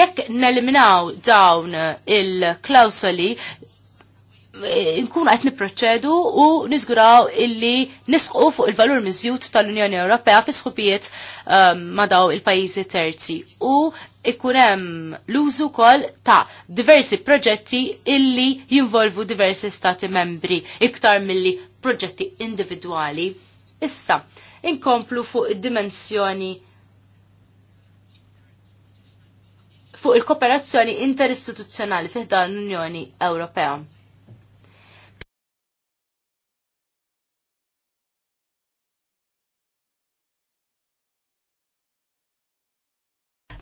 S3: jekk neliminaw dawn il-klawsoli nkunu qed niproċedu u niżguraw illi nisqu fuq il-valur miżjud tal-Unjoni Ewropea fi sħubijiet um, ma' daw il-pajjiżi terzi. U ikunem l-użu kol ta' diversi proġetti illi jinvolvu diversi stati membri, iktar milli proġetti individuali. Issa, inkomplu fuq id-dimensjoni fuq il-kooperazzjoni interistituzzjonali fiħda l-Unjoni Ewropea.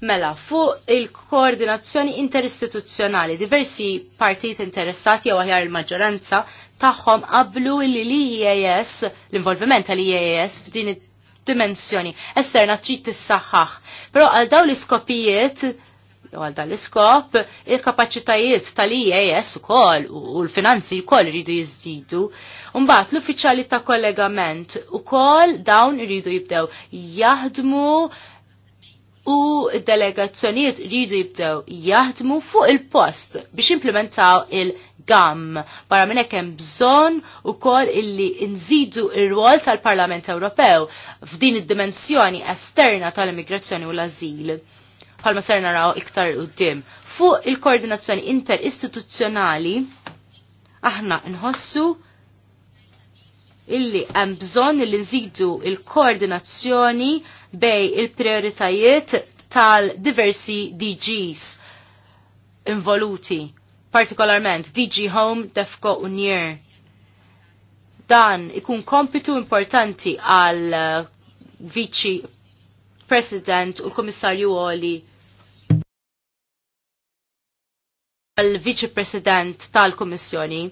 S3: Mela, fuq il-koordinazzjoni interistituzzjonali, diversi partijiet interessati jew aħjar il-maġġoranza tagħhom qablu li l-IAS, l-involviment tal-IAS f'din id-dimensjoni esterna trid tissaħħaħ. Però għal dawn l-iskopijiet jew għal dal l-iskop, il-kapaċitajiet tal-IAS ukoll u l-finanzi ukoll iridu jiżdiedu. Mbagħad l-uffiċjali ta' kollegament ukoll dawn iridu jibdew jaħdmu u delegazzjonijiet rridu jibdew jaħdmu fuq il-post biex implementaw il-GAM. Barra minn hekk hemm bżonn ukoll illi nżidu il rwol tal-Parlament Ewropew f'din id-dimensjoni esterna tal-immigrazzjoni u l-ażil bħalma ser naraw iktar qudiem. Fuq il-koordinazzjoni interistituzzjonali aħna nħossu illi hemm bżonn illi nżidu il-koordinazzjoni bej il-prioritajiet tal-diversi DGs involuti, partikolarment DG Home, Defco unir. Dan ikun kompitu importanti għal uh, viċi President u l-Komissarju għoli għal-Viċi President tal-Komissjoni.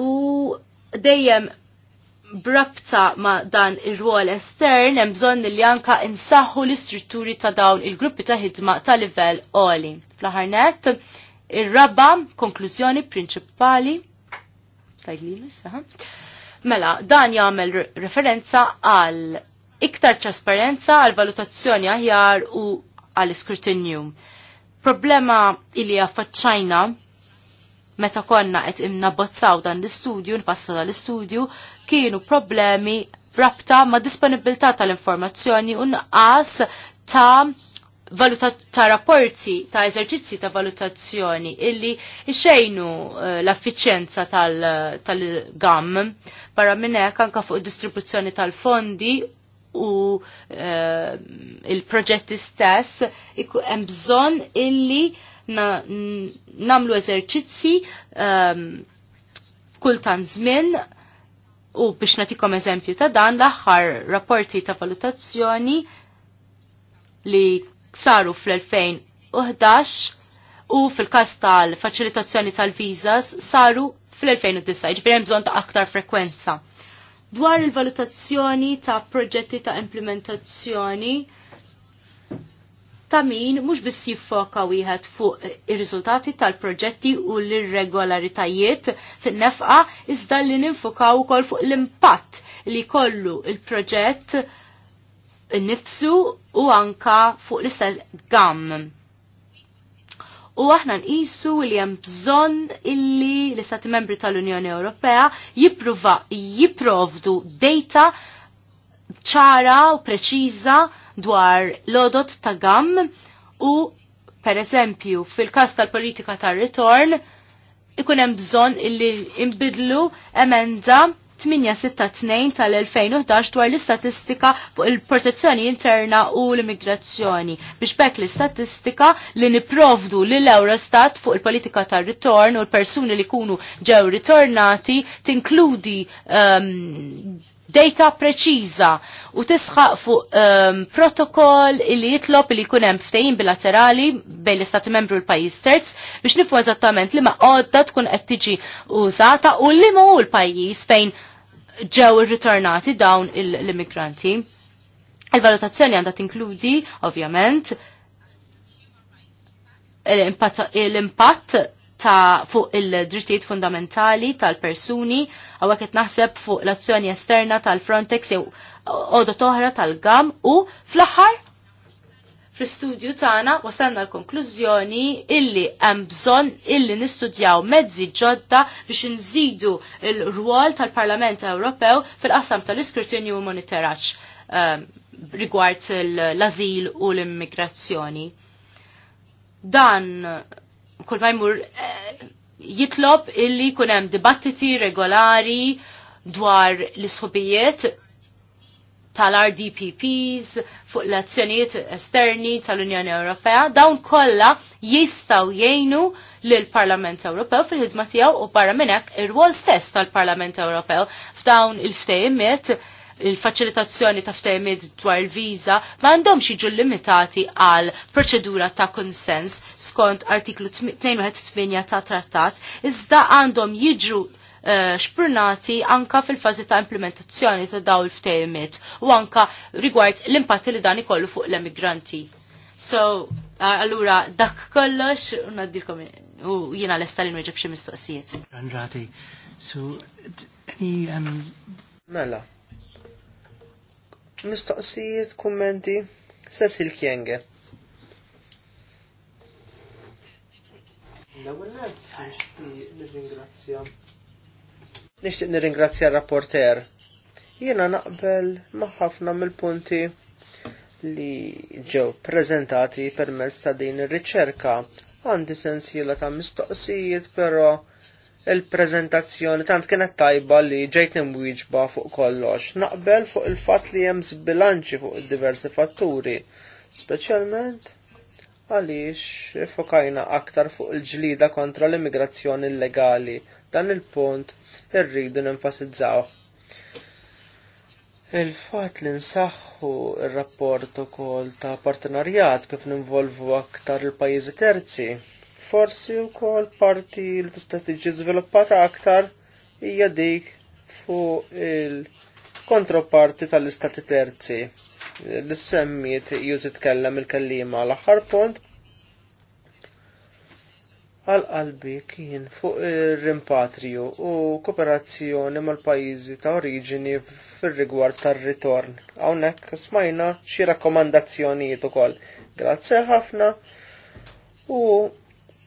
S3: U dejjem brabta ma dan ir-rwol estern hemm bżonn li anka insaħħu l-istrutturi ta' dawn il-gruppi ta' ħidma ta' livell għoli. Fl-aħħar nett, ir-raba konklużjoni prinċipali Mela, dan jagħmel referenza għal iktar trasparenza għal valutazzjoni aħjar u għal iskrutinju. Problema illi affaċċajna meta konna qed imnabbozzaw dan l-istudju, dan l-istudju, kienu problemi rabta ma' disponibilità tal-informazzjoni u nqas ta' valuta ta' rapporti ta' eżerċizzi ta' valutazzjoni illi xejnu eh, l-affiċenza tal-GAM barra minnek anka fuq distribuzzjoni tal-fondi u eh, il-proġetti stess hemm bżonn illi namlu eżerċizzi um, kultant żmien u biex natikom eżempju ta' dan l-aħħar rapporti ta' valutazzjoni li saru fl-2011 u fil-kas tal-facilitazzjoni tal-vizas saru fl-2009, ġbirem bżon ta' aktar frekwenza. Dwar il-valutazzjoni ta' proġetti ta' implementazzjoni, ta' min mhux biss jiffoka wieħed fuq ir-riżultati tal-proġetti u l-irregolaritajiet fin-nefqa iżda li ninfokaw ukoll fuq l-impatt li kollu il-proġett nifsu u anka fuq l-istess gamm. U aħna nqisu li hemm bżonn illi l-istati membri tal-Unjoni Ewropea jipprova jipprovdu data ċara u preċiża dwar l-odot ta' gam u per eżempju fil-kas tal-politika tar ritorn ikun hemm bżonn illi imbidlu emenda 862 tal-2011 dwar l-istatistika fuq il-protezzjoni interna u l-immigrazzjoni biex bekk l-istatistika li niprovdu l Eurostat fuq il-politika tar ritorn u l-persuni li kunu ġew ritornati tinkludi um, data preċiża u tisħaq fuq um, protokoll li jitlob li jkun hemm ftehim bilaterali bejn l-istati membru l pajjiż terz biex nifu eżattament li ma għodda tkun qed tiġi użata u li hu l-pajjiż fejn ġew irritornati dawn l-immigranti. Il-valutazzjoni għandha tinkludi, ovvjament, l-impatt ta' fuq il-drittijiet fundamentali tal-persuni, għawek naħseb fuq l-azzjoni esterna tal-Frontex jew għodu toħra tal-GAM u fl-aħħar fl-istudju tagħna wasalna l-konklużjoni illi hemm bżonn illi nistudjaw mezzi ġodda biex nżidu l-rwol tal-Parlament Ewropew fil-qasam tal-iskrutinju u um, rigward l-azil u l-immigrazzjoni. Dan kull ma jmur eh, jitlob illi kunem hemm dibattiti regolari dwar l-isħobijiet tal-RDPPs fuq l-azzjonijiet esterni tal-Unjoni Ewropea, dawn kollha jistgħu jgħinu lill parlament Ewropew fil-ħidma tiegħu u barra minn hekk ir-rwol stess tal-Parlament Ewropew f'dawn il-ftehimiet il-facilitazzjoni ta' ftehmid dwar il-viża ma għandhomx jiġu limitati għal proċedura ta' konsens skont artiklu 28 ta' trattat, iżda għandhom jiġu uh, eh, xpurnati anka fil-fazi ta' implementazzjoni ta' daw il-ftehmid u anka rigward l-impatti li dan ikollu fuq l-emigranti. So, allura, dak kollox, naddilkom, u jina l-estalin u ġebxie mistoqsijiet.
S4: Għandrati,
S1: so, any, um... Mela, mistoqsijiet, kummenti, Cecil Kienge. Nishtiq nirringrazzja rapporter. Jiena naqbel ma' ħafna mill-punti li ġew prezentati permezz ta' din ir-riċerka. Għandi sensiela ta' mistoqsijiet, però il-prezentazzjoni tant kienet tajba li ġejt imwieġba fuq kollox. Naqbel fuq il-fatt li hemm bilanċi fuq id-diversi fatturi, speċjalment għaliex fokajna aktar fuq il-ġlida kontra l-immigrazzjoni illegali. Dan il-punt irridu nenfasizzaw. Il-fat li nsaħħu il-rapport ukoll ta' partenarjat kif ninvolvu aktar il-pajjiżi terzi Forsi wkoll parti li tista' tiġi żviluppata aktar hija dik fuq il-kontroparti tal-istati terzi li semmiet ju titkellem il-kellima l-aħħar punt għal qalbi kien fuq ir-rimpatriju u kooperazzjoni mal-pajjiżi ta' oriġini fir-rigward tar-ritorn. Hawnhekk smajna xi rakkomandazzjonijiet ukoll. Grazie ħafna u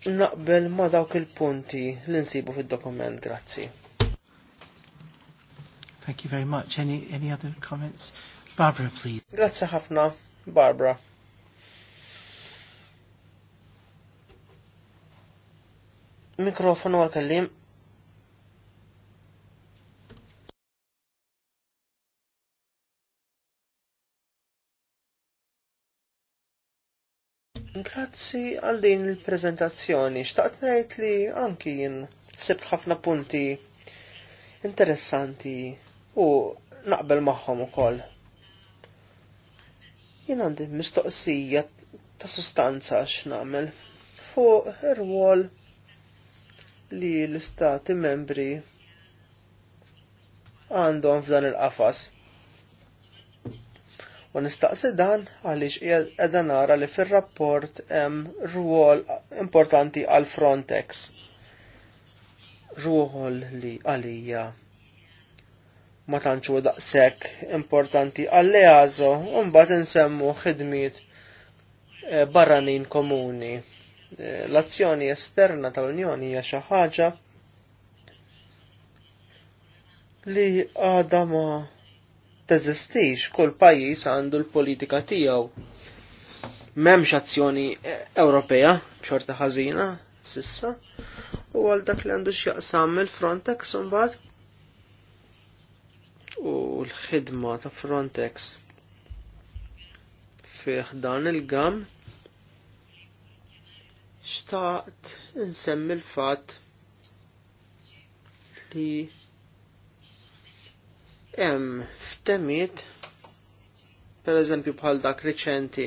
S1: naqbel ma dawk il-punti li nsibu fil-dokument, grazzi. Thank you very much. Any, any other comments?
S4: Barbara, please.
S1: Grazzi ħafna, Barbara. Mikrofonu għal kallim Grazzi għal din il-prezentazzjoni. Xtaqt ngħid li anki jien sibt ħafna punti interessanti u naqbel magħhom ukoll. Jien għandi mistoqsija ta' sustanza x'nagħmel fuq ir-rwol li l-istati membri għandhom f'dan il-qafas. U nistaqsi dan għaliex edha nara li fir-rapport hemm rwol importanti għal Frontex. Ruħol li għalija ma tantxu daqshekk importanti għall-EASO u mbagħad insemmu ħidmiet eh, barranin komuni. Eh, l-azzjoni esterna tal-Unjoni hija xi ħaġa li għadha ma' teżistix, kull pajjiż għandu l-politika tiegħu. M'hemmx azzjoni Ewropea b'xorta ħażina sissa u għal dak li għandu x'jaqsam il-Frontex imbagħad u l-ħidma ta' Frontex fih dan il-gam xtaqt insemmi l-fatt li hemm ftemiet per eżempju bħal dak riċenti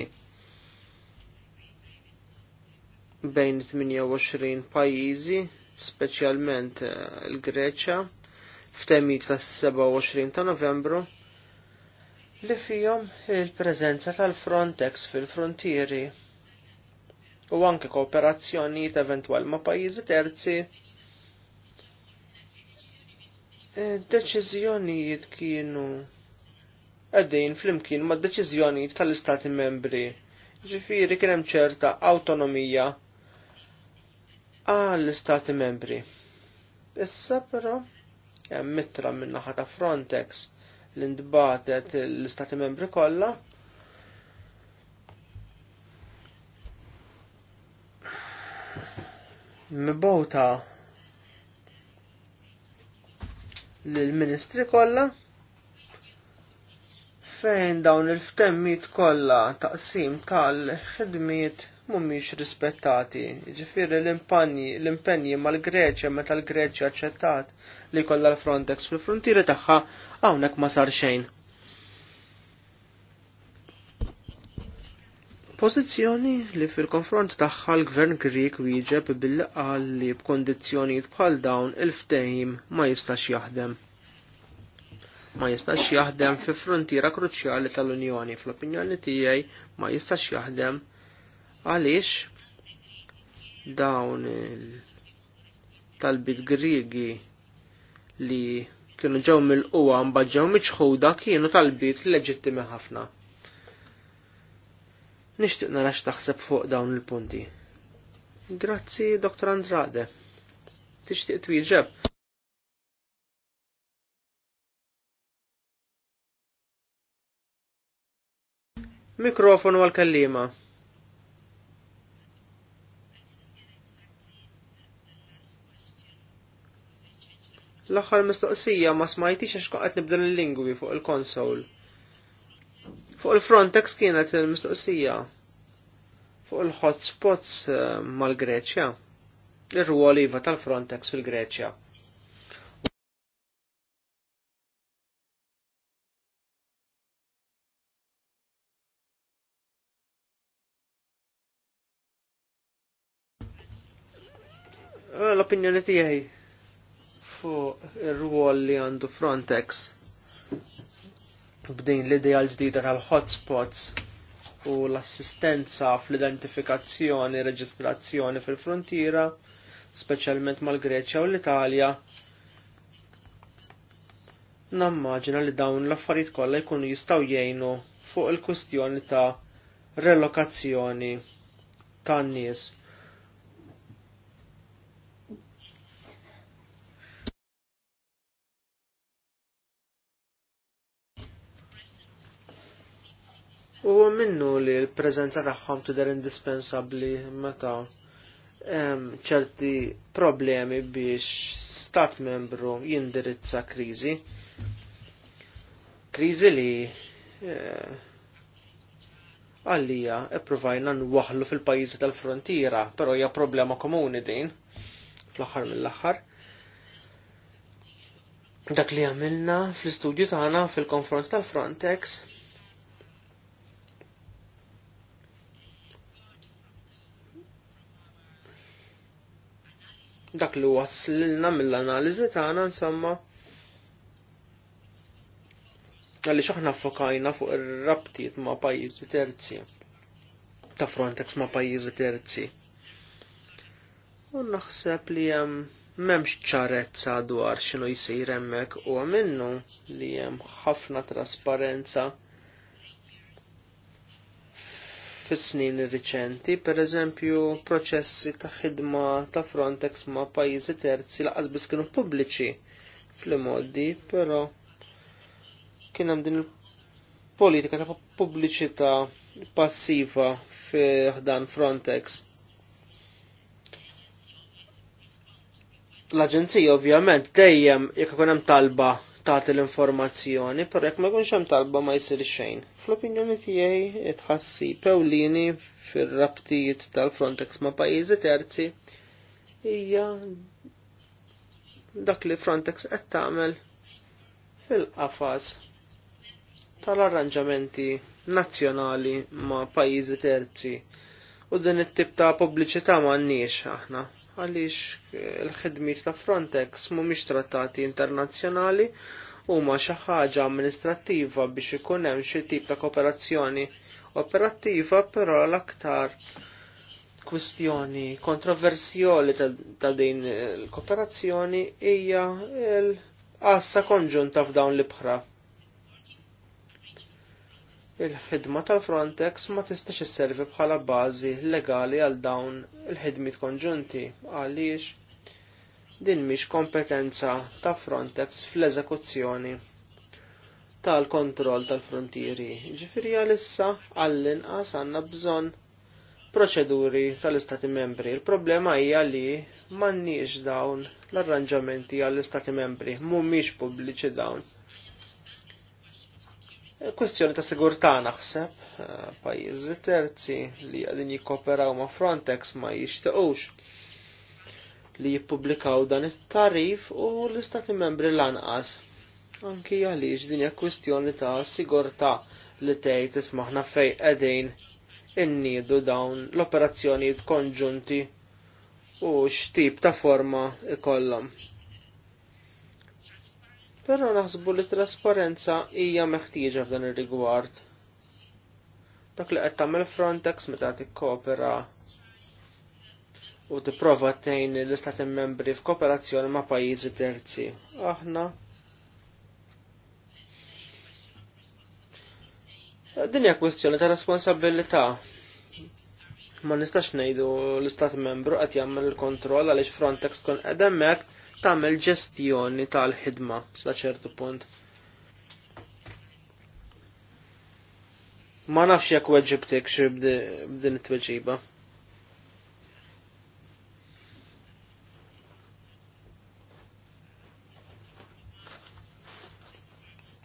S1: bejn 28 pajjiżi, speċjalment eh, l-Greċja, f'temijiet tas-27 ta' Novembru, li fihom il-preżenza tal-Frontex fil-frontieri u anke kooperazzjonijiet eventwal ma' pajjiżi terzi Eh, deċiżjonijiet kienu għaddejn flimkien ma' deċiżjonijiet tal-Istati membri. Ġifiri kien hemm ċerta autonomija għall-Istati membri. Issa però hemm mitra minna naħa ta' Frontex li indbatet l-Istati membri kollha mibota l ministri kollha fejn dawn il-ftemmit kollha taqsim tal-ħidmiet mhumiex rispettati. Ġifiri l-impanji l-impenji mal-Greċja meta l-Greċja aċċettat li kolla l-Frontex fil-frontieri tagħha hawnhekk ma sar xejn. Pożizzjoni li fil-konfront tagħha l-Gvern Grieg wieġeb bil qal li b'kondizzjonijiet bħal dawn il-ftehim ma jistax jaħdem. Ma jistax jaħdem fi frontiera kruċjali tal-Unjoni fl-opinjoni tiegħi ma jistax jaħdem għaliex dawn tal-bit Grigi li kienu ġew mill-qwa mbaġġew miċħuda kienu tal-bit leġittimi ħafna. Nixtieq narax taħseb fuq dawn il-punti. Grazzi, Dr. Andrade. Tixtieq twieġeb. Mikrofon għal-kallima. l-axar mistoqsija ma smajtix għax qaqet nibdel il-lingwi fuq il-konsol. Fuq il-Frontex kienet il-mistoqsija fuq il-hotspots eh, mal-Greċja, ir-ruol iva tal-Frontex fil-Greċja. Eh, l-opinjoni tiegħi fuq ir-ruol li għandu Frontex bdejn l-ideja l-ġdida tal-hotspots u l-assistenza fl-identifikazzjoni, reġistrazzjoni fil-frontiera, speċjalment mal-Greċja u l-Italja, nammaġina li dawn l-affarijiet kollha jkunu jistgħu jgħinu fuq il-kwistjoni ta' relokazzjoni tan-nies. U minnu li l-prezenza tagħhom tidher indispensabbli meta hemm ċerti problemi biex stat membru jindirizza kriżi. Kriżi li e, ipprovajna nwaħlu fil-pajjiżi tal-frontiera, però hija problema komuni din fl-aħħar mill-aħħar. Dak li għamilna fl-istudju tagħna fil-konfront tal-Frontex dak li waslilna mill-analiżi tagħna insomma għalli xaħna fokajna fuq ir-rabtiet ma' pajjiżi terzi ta' Frontex ma' pajjiżi terzi. U naħseb li hemm m'hemmx ċarezza dwar x'inhu jsir hemmhekk u għamilnu li hemm ħafna trasparenza fis-snin riċenti, pereżempju proċessi ta' ħidma ta' Frontex ma' pajjiżi terzi laqas biss kienu pubbliċi fl-modi, però kien hemm din il-politika ta' pubbliċità passiva fi ħdan Frontex. L-Aġenzija ovvjament dejjem jekk ikun hemm talba taħt l-informazzjoni, per jekk ma jkunx hemm talba ma jsir xejn. Fl-opinjoni tiegħi tħassi pewlini fir-rabtijiet tal-Frontex ma' pajjiżi terzi hija dak li Frontex qed tagħmel fil-qafas tal-arranġamenti nazzjonali ma' pajjiżi terzi u din it-tip ta' pubbliċità m'għandniex aħna għaliex il ħidmit ta' Frontex mhumiex trattati internazzjonali huma xi ħaġa amministrattiva biex ikun hemm xi tip ta' kooperazzjoni operattiva, però l-aktar kwistjoni kontroversjoli ta' din il-kooperazzjoni hija l-assa konġunta f'dawn l-ibħra il-ħidma tal-Frontex ma tistax isservi bħala bażi legali għal dawn il-ħidmit konġunti għaliex din mhix kompetenza ta' Frontex fl-eżekuzzjoni tal-kontroll tal-frontieri. Ġifieri għalissa għall-inqas għandna bżonn proċeduri tal-Istati membri. Il-problema hija li m'għandniex dawn l-arranġamenti għall-Istati membri, mhumiex pubbliċi dawn Kwestjoni ta' sigurtà naħseb eh, pajjiżi terzi li għadin jikkoperaw ma' Frontex ma jixtiequx li jippubblikaw dan it-tarif u l-istati membri lanqas. Anki għaliex din hija kwestjoni ta' sigurtà li tgħid ismaħna fejn qegħdin innidu dawn l-operazzjonijiet konġunti u x'tip ta' forma ikollhom. Però naħsbu li trasparenza hija meħtieġa f'dan ir-rigward. Dak li qed tagħmel Frontex meta tikkopera u tipprova tgħin l-istati membri f'kooperazzjoni ma' pajjiżi terzi. Aħna Din hija kwestjoni ta' responsabilità. Ma nistax ngħidu l-istat membru qed jagħmel il-kontroll għaliex Frontex tkun qed hemmhekk tagħmel ġestjoni tal-ħidma sa ċertu punt. Ma nafx jekk weġibtek xi b'din it-tweġiba.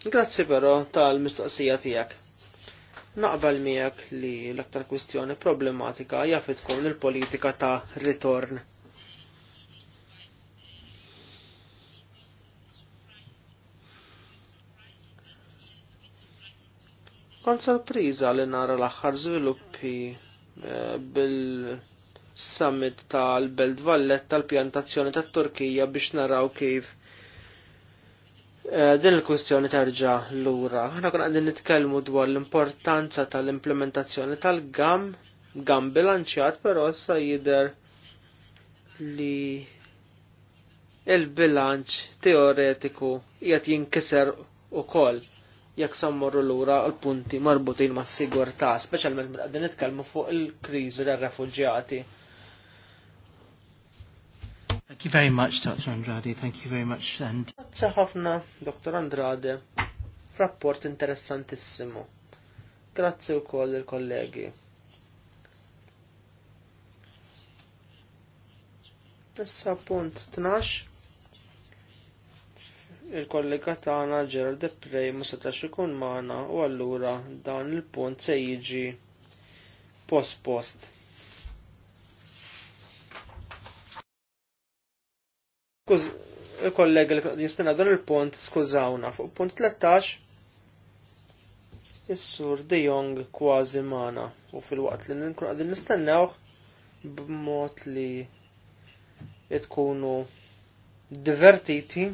S1: Grazzi però tal-mistoqsija tiegħek. Naqbel miegħek li l-aktar kwistjoni problematika jafitkom il-politika ta' ritorn. Kont sorpriża li nara l-aħħar żviluppi eh, bil-summit tal-Belt Vallet tal-pjantazzjoni tat-Turkija biex naraw kif eh, din il-kwestjoni terġa lura. Aħna kun għadin nitkellmu dwar l-importanza tal-implementazzjoni tal-GAM, GAM bilanċjat, però issa jidher li il-bilanċ teoretiku jgħat jinkiser u koll jekk sammorru lura l-punti marbutin ma' sigurtà, speċjalment minn qegħdin nitkellmu fuq il-kriżi tar refugjati Thank you very much, Dr. Andrade. Thank you very much. And... Grazie ħafna, Dr. Andrade. Rapport interessantissimo. Grazie u koll il-kollegi. Issa punt tnax il-kollega tagħna Gerald Deprej ma setax ikun magħna u allura dan il-punt se jiġi post post. il-kollega li jistena dan il-punt skużawna fuq punt 13 Is-sur De Jong kważi magħna u fil-waqt li nkun qegħdin nistennewh b'mod li tkunu divertiti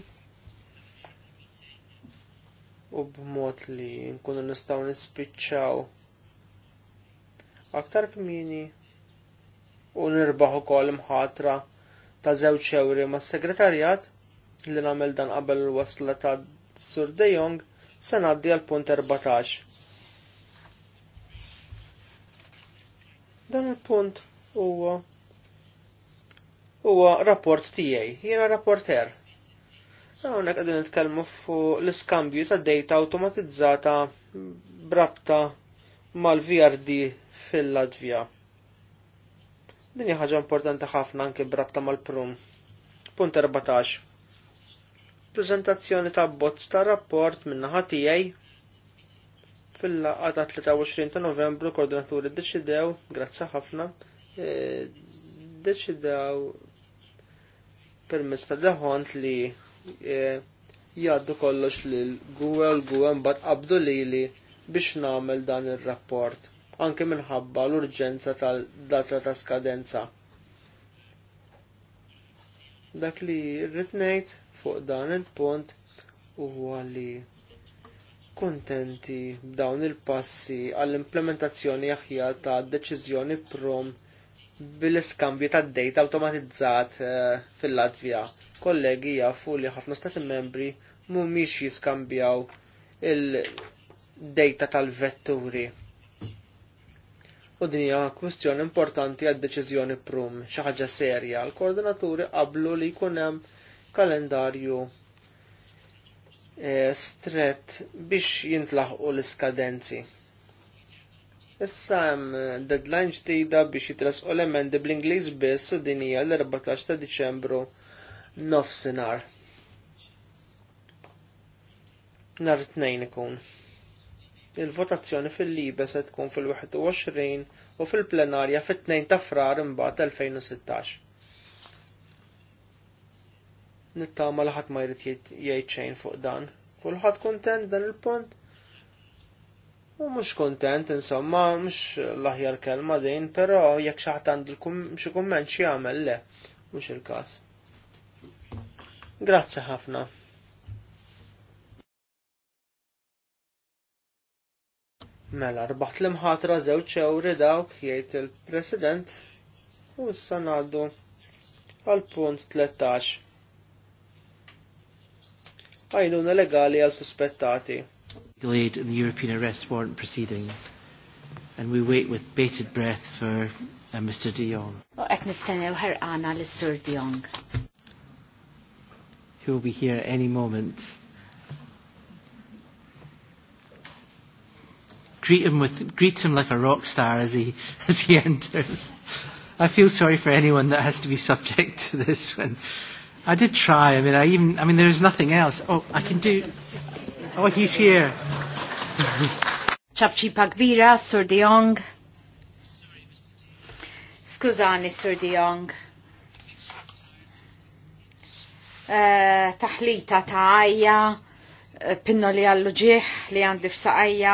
S1: u b'mod li nkunu nistgħu nispiċċaw aktar kmini u nirbaħu kol mħatra ta' żewġ ewri ma' segretarjat li nagħmel dan qabel il-wasla ta' Sur De Jong se ngħaddi għal punt 14. Dan il-punt huwa huwa rapport tiegħi, jiena rapporter Hawnhekk qegħdin nitkellmu fuq l-iskambju ta' data awtomatizzata brabta mal-VRD fil ladvija Din hija ħaġa importanti ħafna anke brabta mal-Prum. Punt 14. Prezentazzjoni ta' bozz ta' rapport minna ħatijaj fil laqata 23 ta' Novembru koordinaturi ddeċidew, grazzi ħafna, e, deċidew permezz ta' deħont li E, jgħaddu kollox lil Google, Google mbagħad qabdu lili biex nagħmel dan ir-rapport, anke minħabba l-urġenza tal-data ta' skadenza. Dak li rrid ngħid fuq dan il-punt huwa li kontenti b'dawn il-passi għall-implementazzjoni aħjar ta' deċiżjoni prom bil-iskambju ta' data automatizzat eh, fil-Latvija kollegi jafu li ħafna stati membri mhumiex jiskambjaw il-data tal-vetturi. U din hija kwistjoni importanti għad deċiżjoni prum xi ħaġa serja. L-koordinaturi qablu li jkun hemm kalendarju e, stret biex jintlaħqu l-iskadenzi. Issa hemm deadline ġdida biex jitlasqu l-emendi bl-Ingliż biss u din hija l-14 ta' Diċembru nofsinar. Nar it-tnejn ikun. Il-votazzjoni fil-libe se tkun fil-21 u fil-plenarja fit tnejn ta' frar imbagħad 2016. Nittama laħat ħadd ma jrid jgħid xejn fuq dan. Kulħadd kuntent dan il-punt? U mhux kuntent, insomma, mux l-aħjar kelma din, però jekk xi ħadd għandu xi kumment xi jagħmel le, mhux il-każ. Grazzi ħafna. Mela, rbaħt l-imħatra zewċ ewri dawk jgħid il-President u issa ngħaddu għal punt 13. Għajnuna legali għal suspettati. Delayed in the European arrest warrant proceedings. And we wait with bated breath for uh, Mr. Dion. U
S2: qed nistennew l-Sur Dion
S1: who will be here any moment. Greet him, with, greet him like a rock star as he, <laughs> as he enters. I feel sorry for anyone that has to be subject to this one. I did try. I mean, I even. I mean, there is nothing else. Oh, I can do. Oh, he's here. <laughs> Chapchi
S2: Pagvira, Sur De Scusani, Sur Eh, taħlita ta' għajja, eh, pinno li għallu ġieħ li għandi f'saqajja,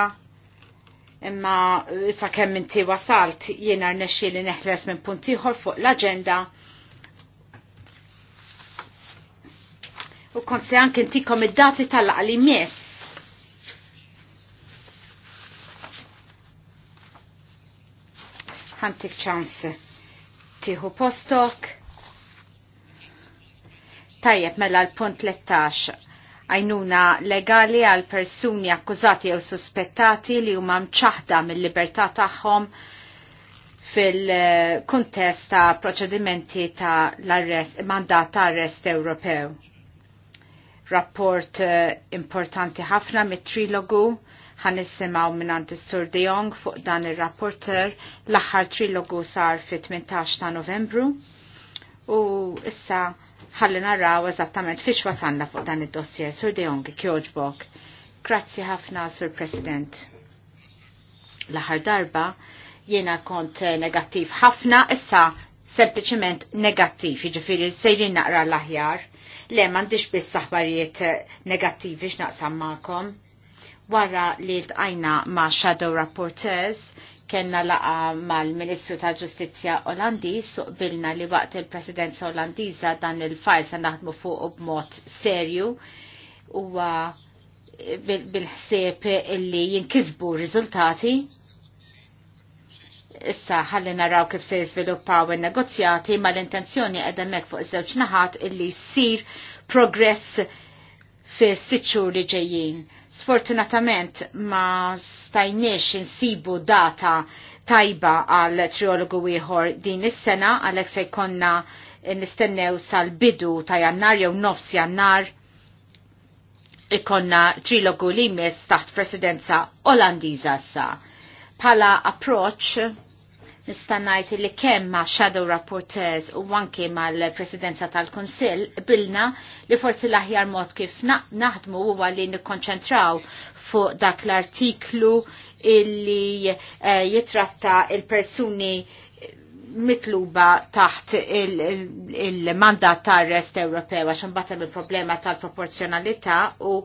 S2: imma eh, sa' kemm inti wasalt jiena rnexxi li neħles minn puntiħor fuq l-agenda. U kont se anke intikom id-dati tal-qali mies. Ħantik ċans tiħu postok Tajjeb mela l-punt 13 għajnuna legali għal persuni akkużati jew suspettati li huma mċaħda mill-libertà tagħhom fil-kuntest ta' proċedimenti ta' l-arrest, mandat ta' arrest Ewropew. Rapport eh, importanti ħafna mit-trilogu ħanissimaw minn is-Sur De Jong fuq dan ir-rapporter l-aħħar trilogu sar fit-18 ta' Novembru u issa ħalli narraw eżattament fiex wasanna fuq dan id-dossier. Sur De Jong, kjoġbok. Grazzi ħafna, Sur President. L-aħħar darba jiena kont negattiv ħafna, issa sempliciment negattiv, jiġifieri sejrin naqra l-aħjar. Le, m'għandix biss saħbarijiet negattivi x'naqsam magħkom. Wara li l-tqajna ma' Shadow Rapporteurs, Kenna laqa mal-Ministru tal-Ġustizzja Olandiż suqbilna li waqt il-Presidenza Olandiża dan il-fajl se naħdmu fuq b'mod serju huwa bil-ħsieb illi jinkisbu riżultati issa ħalli naraw kif se jiżviluppaw in-negozjati mal-intenzjoni qegħda fuq iż-żewġ naħat illi jsir progress s sitxu li ġejjin. Sfortunatament ma stajniex insibu data tajba għal triologu ieħor din is-sena għalhekk se jkollna nistennew sal-bidu ta' jannar jew nofs jannar ikonna trilogu li jmiss taħt presidenza Olandiża sa. Pala approach nistannajt li kemm ma' Shadow Rapporteurs u anke mal-Presidenza tal-Konsil bilna li forsi l-aħjar mod kif naħdmu huwa li nikkonċentraw fuq dak l-artiklu illi eh, jitratta il-persuni mitluba taħt il-mandat il tal-rest Ewropew għax imbagħad il-problema tal-proporzjonalità u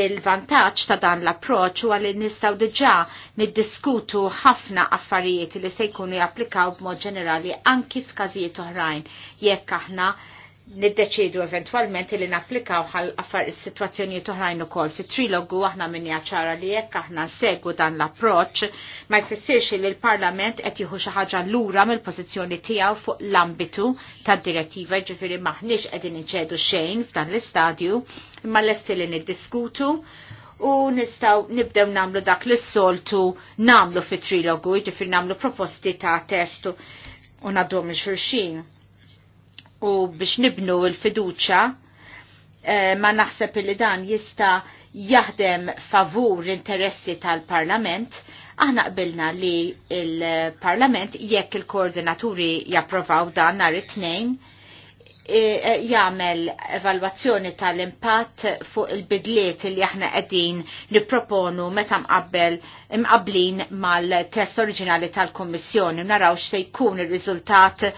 S2: il-vantaġġ ta' dan l-approċċ huwa li nistgħu diġà niddiskutu ħafna affarijiet li se jkunu japplikaw b'mod ġenerali anki f'każijiet oħrajn jekk aħna niddeċidu eventualment li napplikaw għal affar is-sitwazzjoni toħrajn ukoll fit trilogu aħna minni ċara li jekk aħna segu dan l-approċ ma jfissirx li l-Parlament qed jieħu xi ħaġa lura mill-pożizzjoni tiegħu fuq l-ambitu tad-direttiva ġifiri maħniex qegħdin inċedu xejn f'dan l-istadju imma lesti li niddiskutu u nistaw nibdew namlu dak l soltu namlu fit trilogu ġifiri namlu proposti ta' testu u naddom il-xurxin u biex nibnu l-fiduċa eh, ma naħseb li dan jista jaħdem favur interessi tal-parlament, aħna qbilna li il-parlament jekk il-koordinaturi japprovaw dan nar it-tnejn e, e, jagħmel evalwazzjoni tal-impatt fuq il-bidliet li aħna qegħdin nipproponu meta mqabbel imqablin mal-test oriġinali tal-Kummissjoni naraw x'se jkun ir-riżultat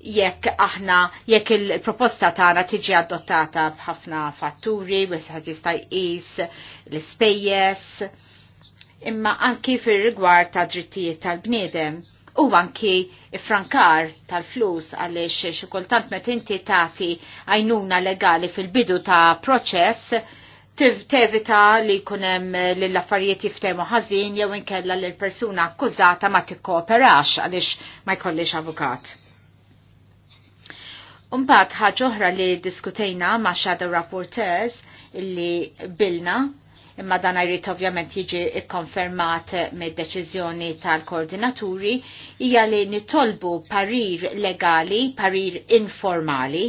S2: jekk aħna jekk il-proposta tagħna tiġi adottata b'ħafna fatturi, wieħed jista' jqis l-ispejjeż, imma anki fir-rigward ta' drittijiet tal-bniedem u anki frankar tal-flus għaliex xi kultant meta inti tagħti għajnuna legali fil-bidu ta' proċess tevita li kunem l-affarijiet jiftemu ħażin jew inkella l-persuna akkużata ma tikkooperax għaliex ma jkollix avukat. Unbat ħagħuħra li diskutejna ma' Shadow Rapporteurs illi bilna, imma dan jrid ovvjament jiġi ikkonfermat mid deċiżjoni tal-koordinaturi, hija li nitolbu parir legali, parir informali,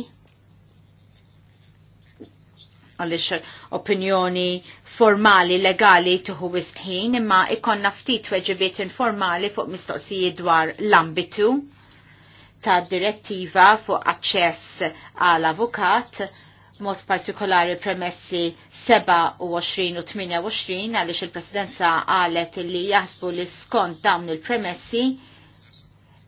S2: għalix opinjoni formali, legali tuħu wisħin, imma ikonna ftit weġibiet informali fuq mistoqsijiet dwar l-ambitu ta' direttiva fuq aċċess għal avukat mod partikolari premessi 27 u 28 għaliex il-presidenza għalet li jaħsbu li skont dawn il-premessi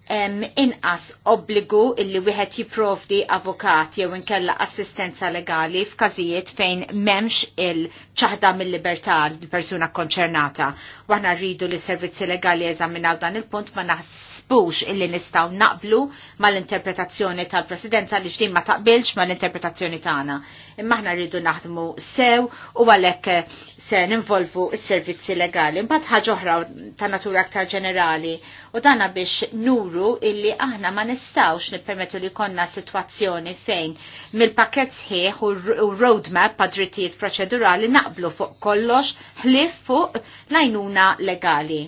S2: inqas obbligu illi wieħed jipprovdi avukat jew inkella assistenza legali f'każijiet fejn memx il-ċaħda mill-libertà l-persuna konċernata. Waħna rridu li servizzi legali eżaminaw dan il-punt ma naħsbux illi nistgħu naqblu mal-interpretazzjoni tal-presidenza li ġdin ma taqbilx mal-interpretazzjoni tagħna. Imma aħna rridu naħdmu sew u għalhekk se ninvolvu s-servizzi legali. Mbagħad ħaġa oħra ta' natura aktar ġenerali u dana biex nuru illi aħna ma nistgħux nippermettu li konna sitwazzjoni fejn mill-pakket sħiħ u roadmap pa' drittijiet proċedurali naqblu fuq kollox ħlif fuq lajnuna legali.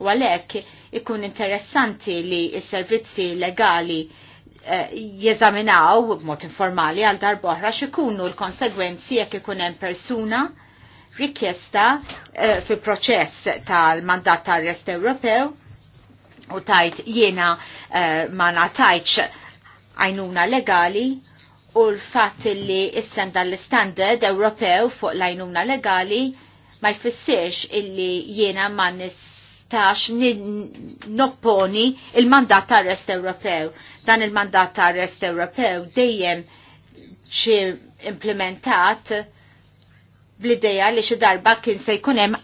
S2: U għalhekk ikun interessanti li s-servizzi legali eh, jeżaminaw b'mod informali għal darbohra xikunu l-konsegwenzi jekk ikun hemm persuna rikjesta eh, fi proċess tal-mandat tal-rest Ewropew u tajt jiena eh, ma natajċ għajnuna legali u l-fat li issem dal-standard Ewropew fuq l-għajnuna legali ma jfissirx illi jena ma nistax nopponi il-mandat tal-rest Ewropew. Dan il-mandat tal-rest Ewropew dejjem ċi implementat bl-ideja li xi darba kien se jkun hemm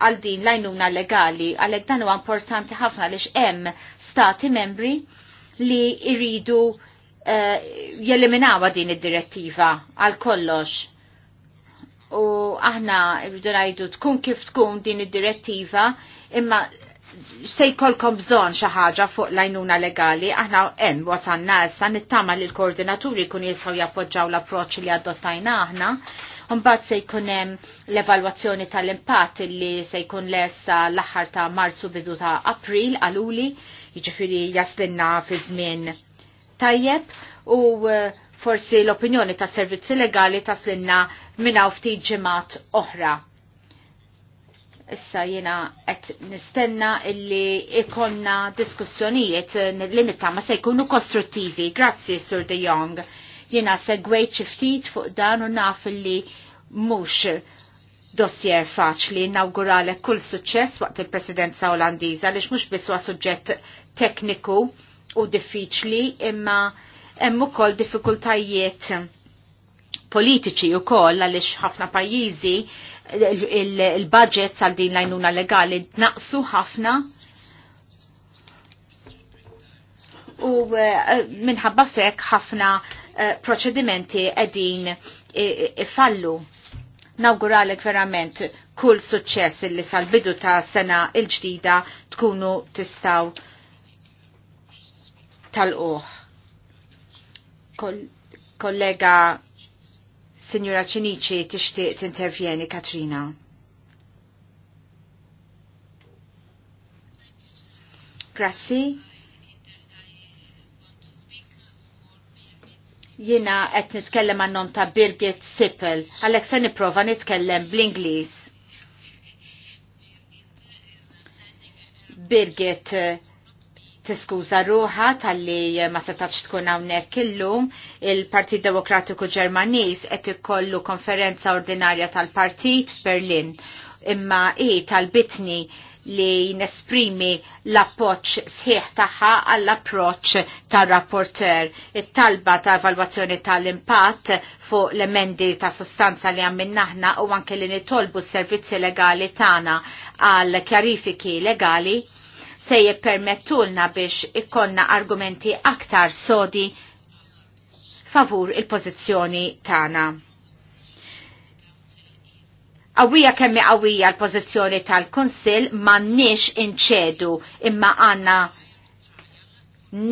S2: għal din lajnuna legali, għalhekk dan huwa importanti ħafna li hemm stati membri li jridu uh, jeliminawa din id-direttiva għal kollox. U aħna rridu ngħidu tkun kif tkun din id-direttiva imma se jkollkom bżonn xi ħaġa fuq lajnuna legali, aħna hemm wasanna issa nittama li l-koordinaturi jkun jistgħu jappoġġaw l-approċċ li adottajna aħna Mbagħad se jkun hemm l-evalwazzjoni tal-impatt li se jkun lesa l-aħħar ta' Marzu bidu ta' April għaluli, jiġifieri jaslinna fi żmien tajjeb u eh, forsi l-opinjoni ta' servizzi legali taslinna minna ftit ġemat oħra issa jena qed nistenna illi ikonna diskussjonijiet eh, li nittama se jkunu kostruttivi. Grazie, Sur De Jong jina segwejt ċiftit fuq dan u naf li mux dossier faċli inaugurale kull suċċess waqt il-presidenza olandiza li mux biswa suġġett tekniku u diffiċli imma hemm ukoll diffikultajiet politiċi u kol għalix ħafna pajjiżi il-budget għal din lajnuna legali naqsu ħafna u eh, minħabba fek ħafna Eh, proċedimenti edin fallu. Nawguralek verament kull suċċess illi sal-bidu ta' sena il-ġdida tkunu tistaw tal-uħ. Kollega Signora Cinici tixtieq tintervjeni Katrina. Grazzi. Jina qed nitkellem għannom ta' Birgit Sippel, Għalek se nipprova nitkellem bl-Ingliż. Birgit tiskuza ruħa tal-li ma setax tkun hawnhekk illum, il-Partit Demokratiku Ġermaniż qed ikollu konferenza ordinarja tal-partit f'Berlin imma i tal-bitni li nesprimi l-appoċ sħiħ taħħa għall-approċ tal-rapporter. It-talba ta' evalwazzjoni tal-impatt fuq l-emendi ta' sostanza li għammin naħna u anke li nitolbu s-servizzi legali tagħna għal kjarifiki legali se jippermettulna biex ikkonna argumenti aktar sodi favur il-pożizzjoni tagħna. Għawija kemmi għawija l-pozizjoni tal-Konsil nix inċedu imma għanna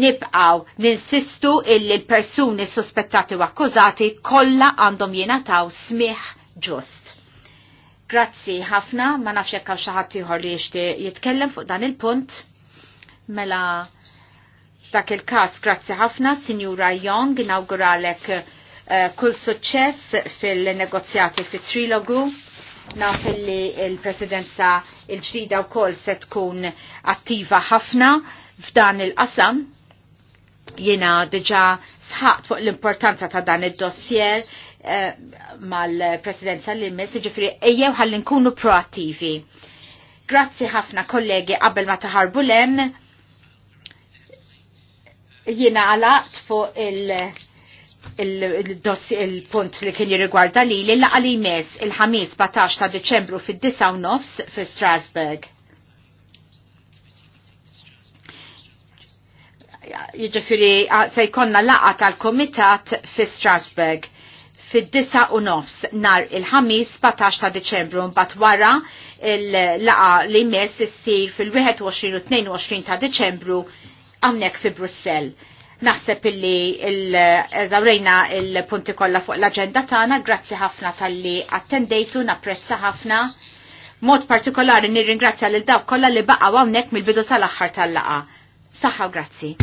S2: nibqaw ninsistu illi l-persuni sospettati u akkużati kollha għandhom jingħataw smih ġust. Grazzi ħafna, ma nafx jekk hawn xi ħadd ieħor li jixtieq jitkellem fuq dan il-punt. Mela dak il-każ grazzi ħafna, Sinjura Young, inawguralek uh, eh, kull suċċess fil-negozjati fit-trilogu naf li il-presidenza il-ġdida u kol se tkun attiva ħafna f'dan il-qasam. Jena diġa sħat fuq l-importanza ta' dan il-dossier eh, mal-presidenza li mis ġifri ejjew ħalli nkunu proattivi. Grazzi ħafna kollegi qabel ma taħarbu lem. Jena għalaqt fuq il- il-punt li kien jirrigwarda li li laqa li mes il-ħamis 14 ta' Deċembru fid-9 nofs fi Strasburg. Jiġifieri se jkollna laqa tal-Komitat fi Strasburg fid-9 u nofs nar il-ħamis 14 ta' Deċembru mbagħad wara il-laqa li mes issir fil-21 u 22 ta' Deċembru għamnek fi Brussell Naħseb illi eżawrejna il-punti kollha fuq l-aġenda tagħna, grazzi ħafna tal-li attendejtu, napprezza ħafna. Mod partikolari nirringrazzja lil dawk kollha li
S3: baqgħu hawnhekk mill-bidu tal-aħħar tal-laqa. Saħħa u grazzi.